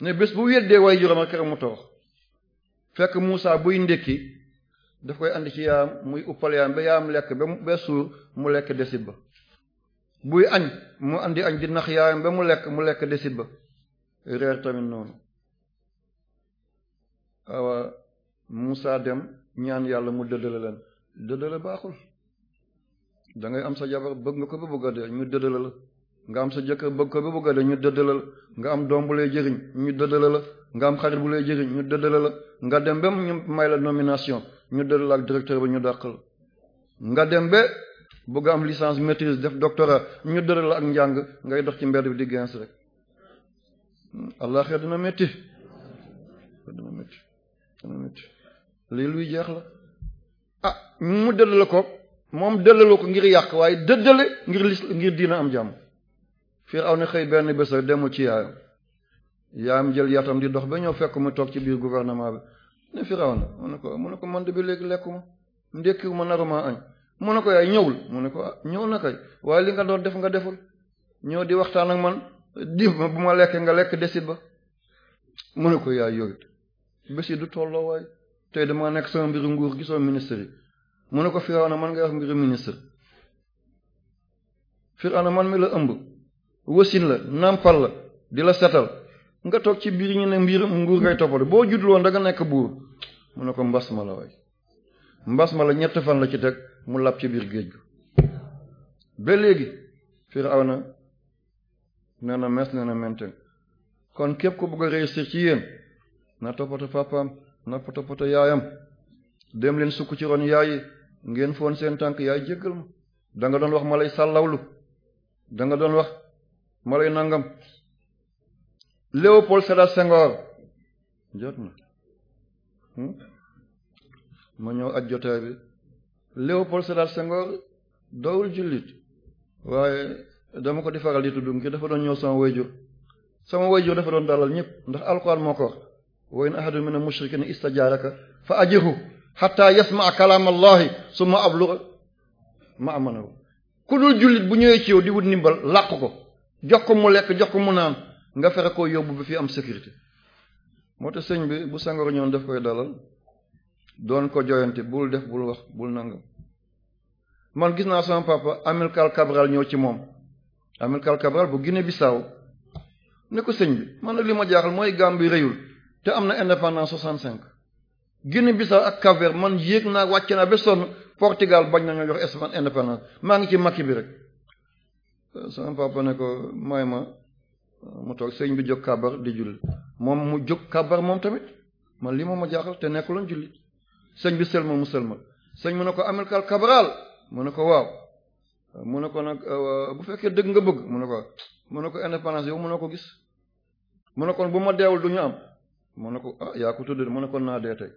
ne bés bu weddee way juróom ak mu torox fekk Muusa buy ndékki daf koy andi ci yaayam muy uppal yaayam ba yaayam lekk ba mu ba suur mu lekk desit ba buy añ mu andi añ di nax yaayam ba mu lekk mu lekk desit ba reer tamit noonu awa Musa dem ñaan yàlla mu dëddale leen dëddale baaxul dangay am sa jabar bëgg nga ko ba bëgg a ñu dëddale la nga am sa jëkkër bëgg ko ba bëgg a ñu dëddale nga am doom bu lay jëriñ ñu dëddale la nga am xarit bu lay jëriñ ñu dëddale la nga dem ba ñu may la nomination ñu dëddale ak directeur ba ñu dàq la nga dem ba bëgg am licence maîtrise def doctorat ñu dëddale la ak njàng ngay dox ci mbedd bi di gens rek hmm, allah xëy lii luy jeex la ah mu dëddale ko moom dëddale ko ngir yàq waaye dëddale ngir lis ngir diina am jàmm Firawna xëy benn bés demu demul ci yaayam yaayam jël yatam di dox ba ñëw fekk mu toog ci biir gouvernement bi ne Firawna mu ne ko mu ne ko man de bi léegi lekkuma ndekkiwuma naruma añ mu ko yaay ñëwul mu ne ko ah ñëw na kay waaye li nga doon def nga deful ñëw di waxtaan ak man diw ma bu ma lekkee nga lekk desit ba mu ko yaay yooyu bési du tolloo waaye tey dama nekk sama mbiru nguur gisoon sama ministre yi mu ne ko Firawna man nga wax mbiru ministre Firawna man mi la ëmb wasin la nampal la di la setal nga toog ci biir ñu ne mbir nguur ngay toppal boo judduloon da nga nekk buur mu ne ko mbas ma la way mbas ma la ñett fan la ci teg mu lab ci biir géej gi ba léegi Firawna nee na mes nee na menten kon képp ko bugg a réussir ci yéen na toppatoo papaam na poto poto yaayam dem leen sukk ci ron yaay ngeen foon seen tànk yaay jéggal ma da nga doon wax ma lay sàllawlu danga doon wax ma lay nangam Léopold Sédar Senghor jot na hmm? ma ñëw ak jotaay bi Léopold Sédar Senghor dawul jullit waaye dama ko di faral di tuddum ki dafa doon ñëw sama wayjur sama wayjur dafa doon dalal ñëpp ndax alxuraan moo woy wa in ahadun mina mushrikiina istajaaraka fa ajirhu hatta yasma'a kalaamallahi summa ablugha ma'manahu ku dul jullit bu ñëwee ci yow di wut ndimbal làq ko jox ko mu lekk jox ko mu naan nga fexe koo yóbbu bi fi am sécurité moo tax sëñ bi bu sangoor ñoon daf koy dalal doon ko joyante bul def bul wax bul nangam man gis naa sama papa Amilcar Cabral ñëw ci moom Amilcar Cabral bu Guinée Bissau ne ko sëñ bi man nag li ma jaaxal mooy bi reyul te am na indépendance soixante cinq Guinée-Bissau ak Cap-Vert man yéeg naa wàcc naa ba sonn Portugal bañ na nañoo jox Espagne indépendance maa ngi ci makki bi rek sama papa ne ko may ma mu toog sëñ bi jóg kabar di julli moom mu jóg kabar moom tamit man lii moom ma jaaxal te nekk nekkuloon julli sëñ bi selmal mu selmal sëñ mu ne ko amilkal cabral mu ne ko waaw mu ne ko nag bu fekkee dëgg nga bëgg mun ne ko mu ne ko indépendance yow mu ne ko gis mun ne kon bu ma deewul du am mu ne ko ah yaa ko tudd mu ne ko naa dee tey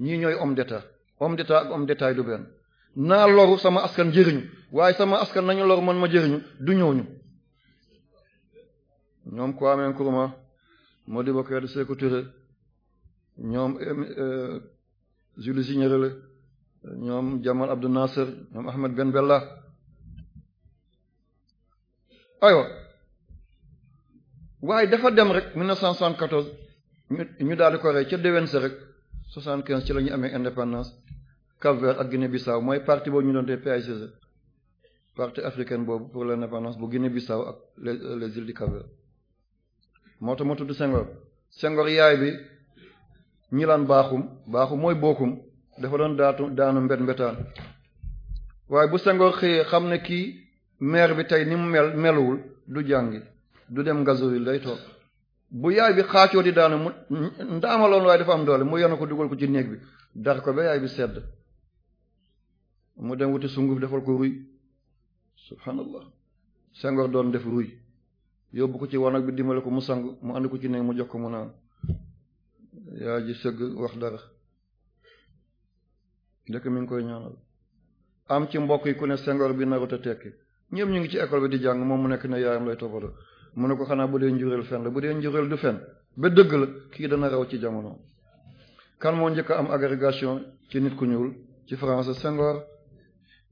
ñii ñooy homme d'état homme d'état ak homme d'état du benn naa loru sama askan jëriñu waaye sama askan nañu loru man ma jëriñu du ñëwñu ñoom Kwame Nkrumah Modibo Keïta Sékou Touré ñoom eh, eh, Julius Nyerere ñoom Jamal Abdel Nasser ñoom Ahmed Ben Bella aywa waaye dafa dem rek 1974 ñu daal di ko rey ca déwén sa rek soixante quinze ci la amee indépendance Cap-Vert ak Guinée-Bissau mooy partie boobu ñu doon tey PAICC e. parti africaine boobu pour l'indépendance bu Guinée-Bissau ak les les îles du cap moo tax ma tudd Senghor Senghor yaay bi ñi laan baaxum baaxum mooy bokkum dafa doon daatu daanu mbet mbetaan waaye bu Senghor xëyee xam ne kii maire bi tey ni mu mel meluwul du jàngi du dem gazo yi lay toog bu yaay bi xaacoo di daanu mu ndaamaloon waaye dafa am doole mu yenu ko dugal ko ci néeg bi dar ko ba yaay bi sedd mu dem wuti sunguf defal ko ruy subhanallah sengoor doon def ruy yóbbu ko ci wanag bi dimbale ko mu sangu mu ànd ko ci néeg mu jox ko mu naan sëgg wax dara ndekk mi ngi koy ñaanal am ci mbokk yi ku ne sengoor bi na a tekki ñëpp ñu ngi ci école bi di jàng moom mu nekk ne yaayam lay toppatoo mu ne ko xanaa bu dee njuréel fen la bu dee njuréel du fen ba dëgg la kii dana raw ci jamono kan moo njëkk am agrégation ci nit ku ñuul ci France Senghor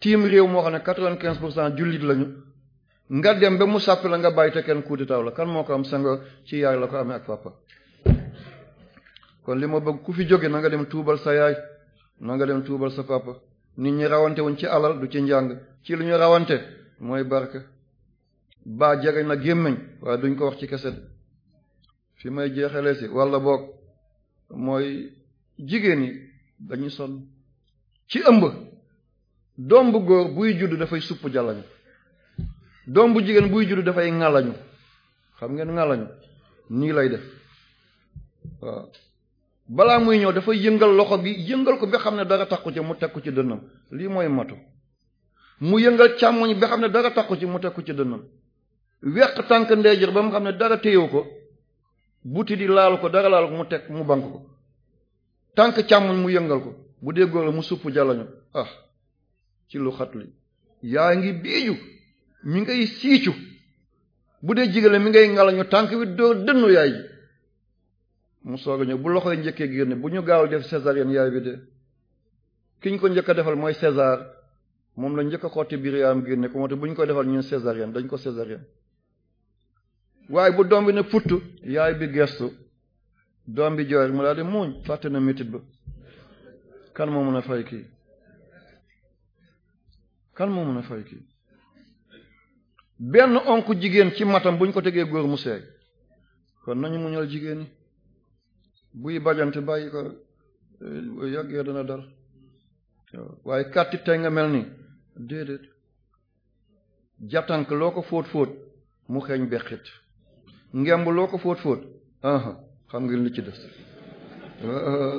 tiim réew moo xam ne quatre-vingt-quinze pour cent jullit lañu nga dem ba mu sàppi la nga bàyyi te kenn coup taw la kan moo ko am Senghor ci yaay la ko amee ak papa kon li ma bëgg ku fi jóge na nga dem tuubal sa yaay na nga dem tuubal sa papa nit ñi rawante wuñ ci alal du ci njàng ci lu ñu rawante mooy bark baa jariñ na gémmiñ waaye duñ ko wax ci kese fi may jeexalee si walla boog mooy jigéen yi dañuy sonn ci ëmb doom bu góor buy judd dafay supp jàllañu doom bu jigéen buy judd dafay ŋalañu xam ngeen ŋalañu nii lay def waaw balaa muy ñëw dafay yëngal loxo bi yëngal ko ba xam ne dara takku ci mu tekku ci dënnam lii mooy matu mu yëngal càmmoñ ba xam ne dara takku ci mu tekku ci dënnam weq tànk ndeyjoor ba mu xam ne dara téyewu ko buti di laal ko dara laal ko mu teg mu bank ko tànk càmm mu yëngal ko bu dee góor la mu supp jàllañu ah ci lu xat li yaa ngi biiju mi ngay siicu bu dee jigéen la mi ngay ngalañu tànk wi doo dënnu yaay ji mu sooga ñu bu loxo loxoy njëkkee génne bu ñu gaaw def césarienne yaay bi de ki ko njëkk a defal mooy César moom la njëkk a xotti biir yaayam génne ko moo tax bu ñu ko defal ñu césarienne dañ ko césarienne waaye bu doom bi ne futt yaay bi gestu doom bi jooy mu daal di muuñ fàtte na métit ba kan moo mën fay kii kan moo mën fay kii benn onk jigéen ci matam buñ ko tegee góor mu seey kon nañu muñal jigéen ñi buy bajante bàyyi ko yàggee dana dal waaye kàtti tey nga mel ni déedéet jàttank loo fóot fóot mu xeeñ beqit ngemb loo ko fóot fóot xam ngeen lu ci des ah,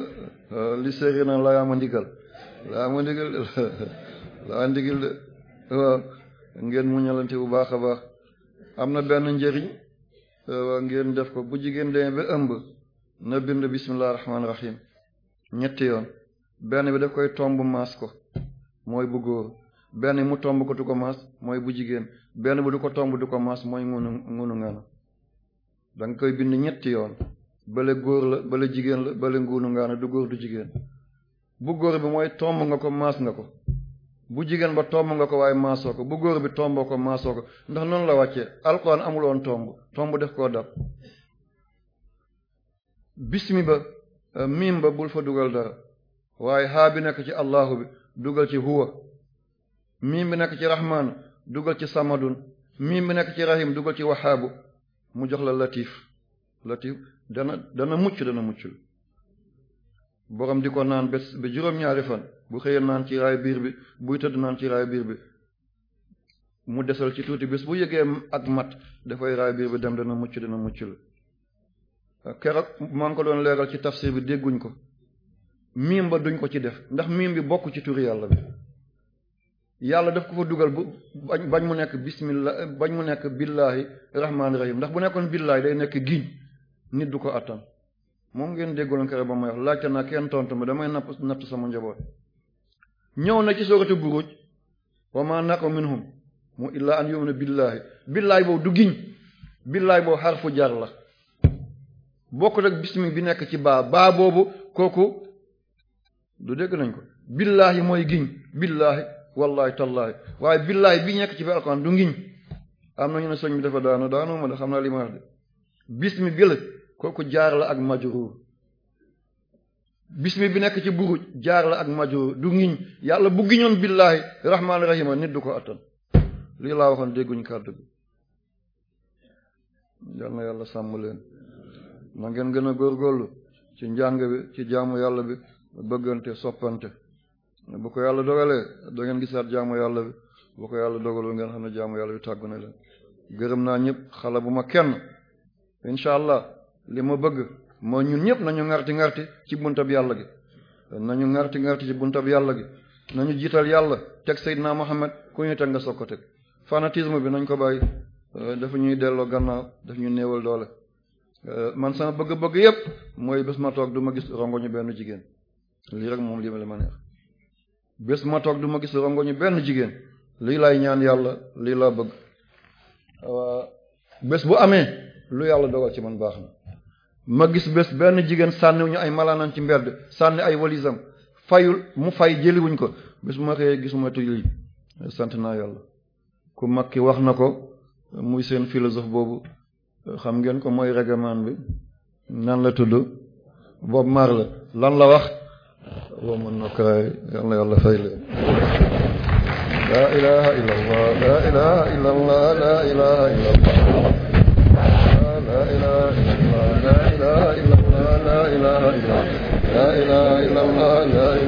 ah, li séeréer na laa ma ndigal laa ma ndigal laa ndigal de waaw ngeen muñalante bu baax a baax am na benn njëriñ ngeen def ko bu jigéen demee ba ëmb na bind bismillah rahmaani rahim ñetti yoon benn bi daf koy tomb mas ko mooy bu góor benn mu tomb ko du ko maas mooy bu jigéen benn bu du ko tomb du ko maas mooy ngunu ngunu danga koy bind ñetti yoon bale góor la bale jigéen la bale nguunu ngaana du góor du jigéen bu góor bi mooy tomb nga ko maas nga ko bu jigéen ba tomb nga ko waaye maasoo ko bu góor bi tomboo ko maasoo ko ndax noonu la wàccee alxuraan amul woon tomb tomb def koo dab bismi ba eh, miim ba bul fa dugal dara waaye haa bi nekk ci allahu bi dugal ci huwa miim bi nekk ci rahmaan dugal ci samadun miim bi nekk ci rahim dugal ci wahaabu mu jox la latif latif dana dana mucc dana mucc borom di ko naan bés ba juróom-ñaari fan bu xëyee naan ci raay biir bi buy tëdd naan ci raay biir bi mu desal ci tuuti bés bu yëgee ak mat dafay raay biir bi dem dana mucc dana mucc la ah, keroog maa ngi ko doon leeral ci tafsir bi dégguñ ko miim ba duñ ko ci def ndax miim bi bokk ci turi yàlla bi yàlla def ko fa dugal bu bañ bañ mu nekk bismillah bañ mu nekk billahi rahmaani rahim ndax bu nekkoon billahi day nekk giñ nit du ko attan moom ngeen déggoon kere ba may wax laajte naa kenn tontu ma damay napp natt sama njaboot ñëw na ci sooratu buruj wa ma naqu minhum mu illaa an yu'minu billahi billahi boobu du giñ billahi boobu xarfu jar la bokkul ak bismi bi nekk ci baa baa boobu kooku du dégg nañ ko billahi mooy giñ billahi wallahi tallahi waaye billaay bi nekk ci biir alxuraan du ngiñ am na ñu ne sëñ bi dafa daanu daanu ma de xam na li de bismi bi kooku jaarla ak majruur bismi bi nekk ci buruj jaar ak majruur du ngiñ yàlla bu giñoon billahi rahmaani rahima nit du ko attan lii laa waxoon dégguñ kàddu bi yal na yàlla sàmm leen na ngeen gën a góorgóorlu ci njàng bi ci jaamu yàlla bi bëggante soppante bu ko yàlla dogalee doo ngeen gisaat jaamu yàlla bi bu ko yàlla dogalul ngeen xam ne jaamu yàlla bi tàggu na leen gërëm naa ñëpp xala bu ma kenn incha allah li ma bëgg moo ñun ñëpp nañu ngarti ngarti ci buntab yàlla gi nañu ngarti ngarti ci buntab yàlla gi nañu jiital yàlla teg Seydina Muhammad ku ñu teg nga soog ko teg fanatisme bi nañ ko bàyyi euh, dafa ñuy delloo gannaaw daf ñu néewal doole euh, man sama bëgg-bëgg yëpp mooy bés ma toog du ma gis rongo ñu benn jigéen lii moom lii ma la bés ma toog du ma gis rongoñu benn jigéen lii laay ñaan yàlla lii laa bëgg euh, bés bu amee lu yàlla dogal ci man baax na ma gis bés benn jigéen sànniwuñu ay malaanam ci mbedd sànni ay walisam fayul mu fay jëliwuñ ko bés bu ma xëyee gisuma tuj sant naa yàlla ku mag ki wax na ko muy seen philosophe boobu xam ngeen ko mooy règlement bi nan la tudd Bob Marley lan la wax wa mën na kaay yal na yàlla fay leen laa ilaha illa allah laa ilaha illa allah laa ilaha illa allah laa ilaha illa allah laa ilaha illa allah laa ilaha illa allah laa ilaha illa allah laa ilaha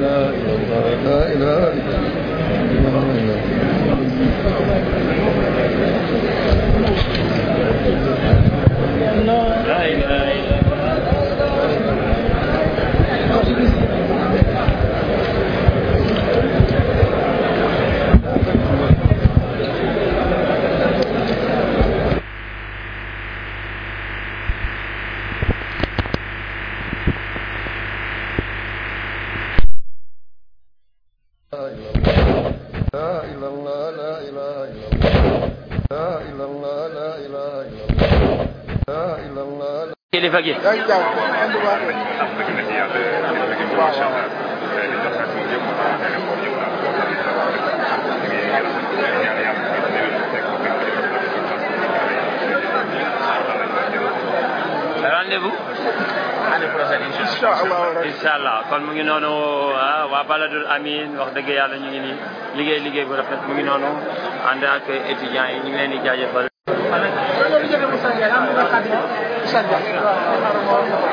illa allah laa ilaha illa allah laa ilaha peki? rendez-vous incha allah kon mu ngi noonu ah waa Baladil Amine wax dëgg yàlla ñu ngi nii liggéey liggéey bu rafet mu ngi noonu ànd ak étudiants yi ñu ngi leen di jaajëfal. sant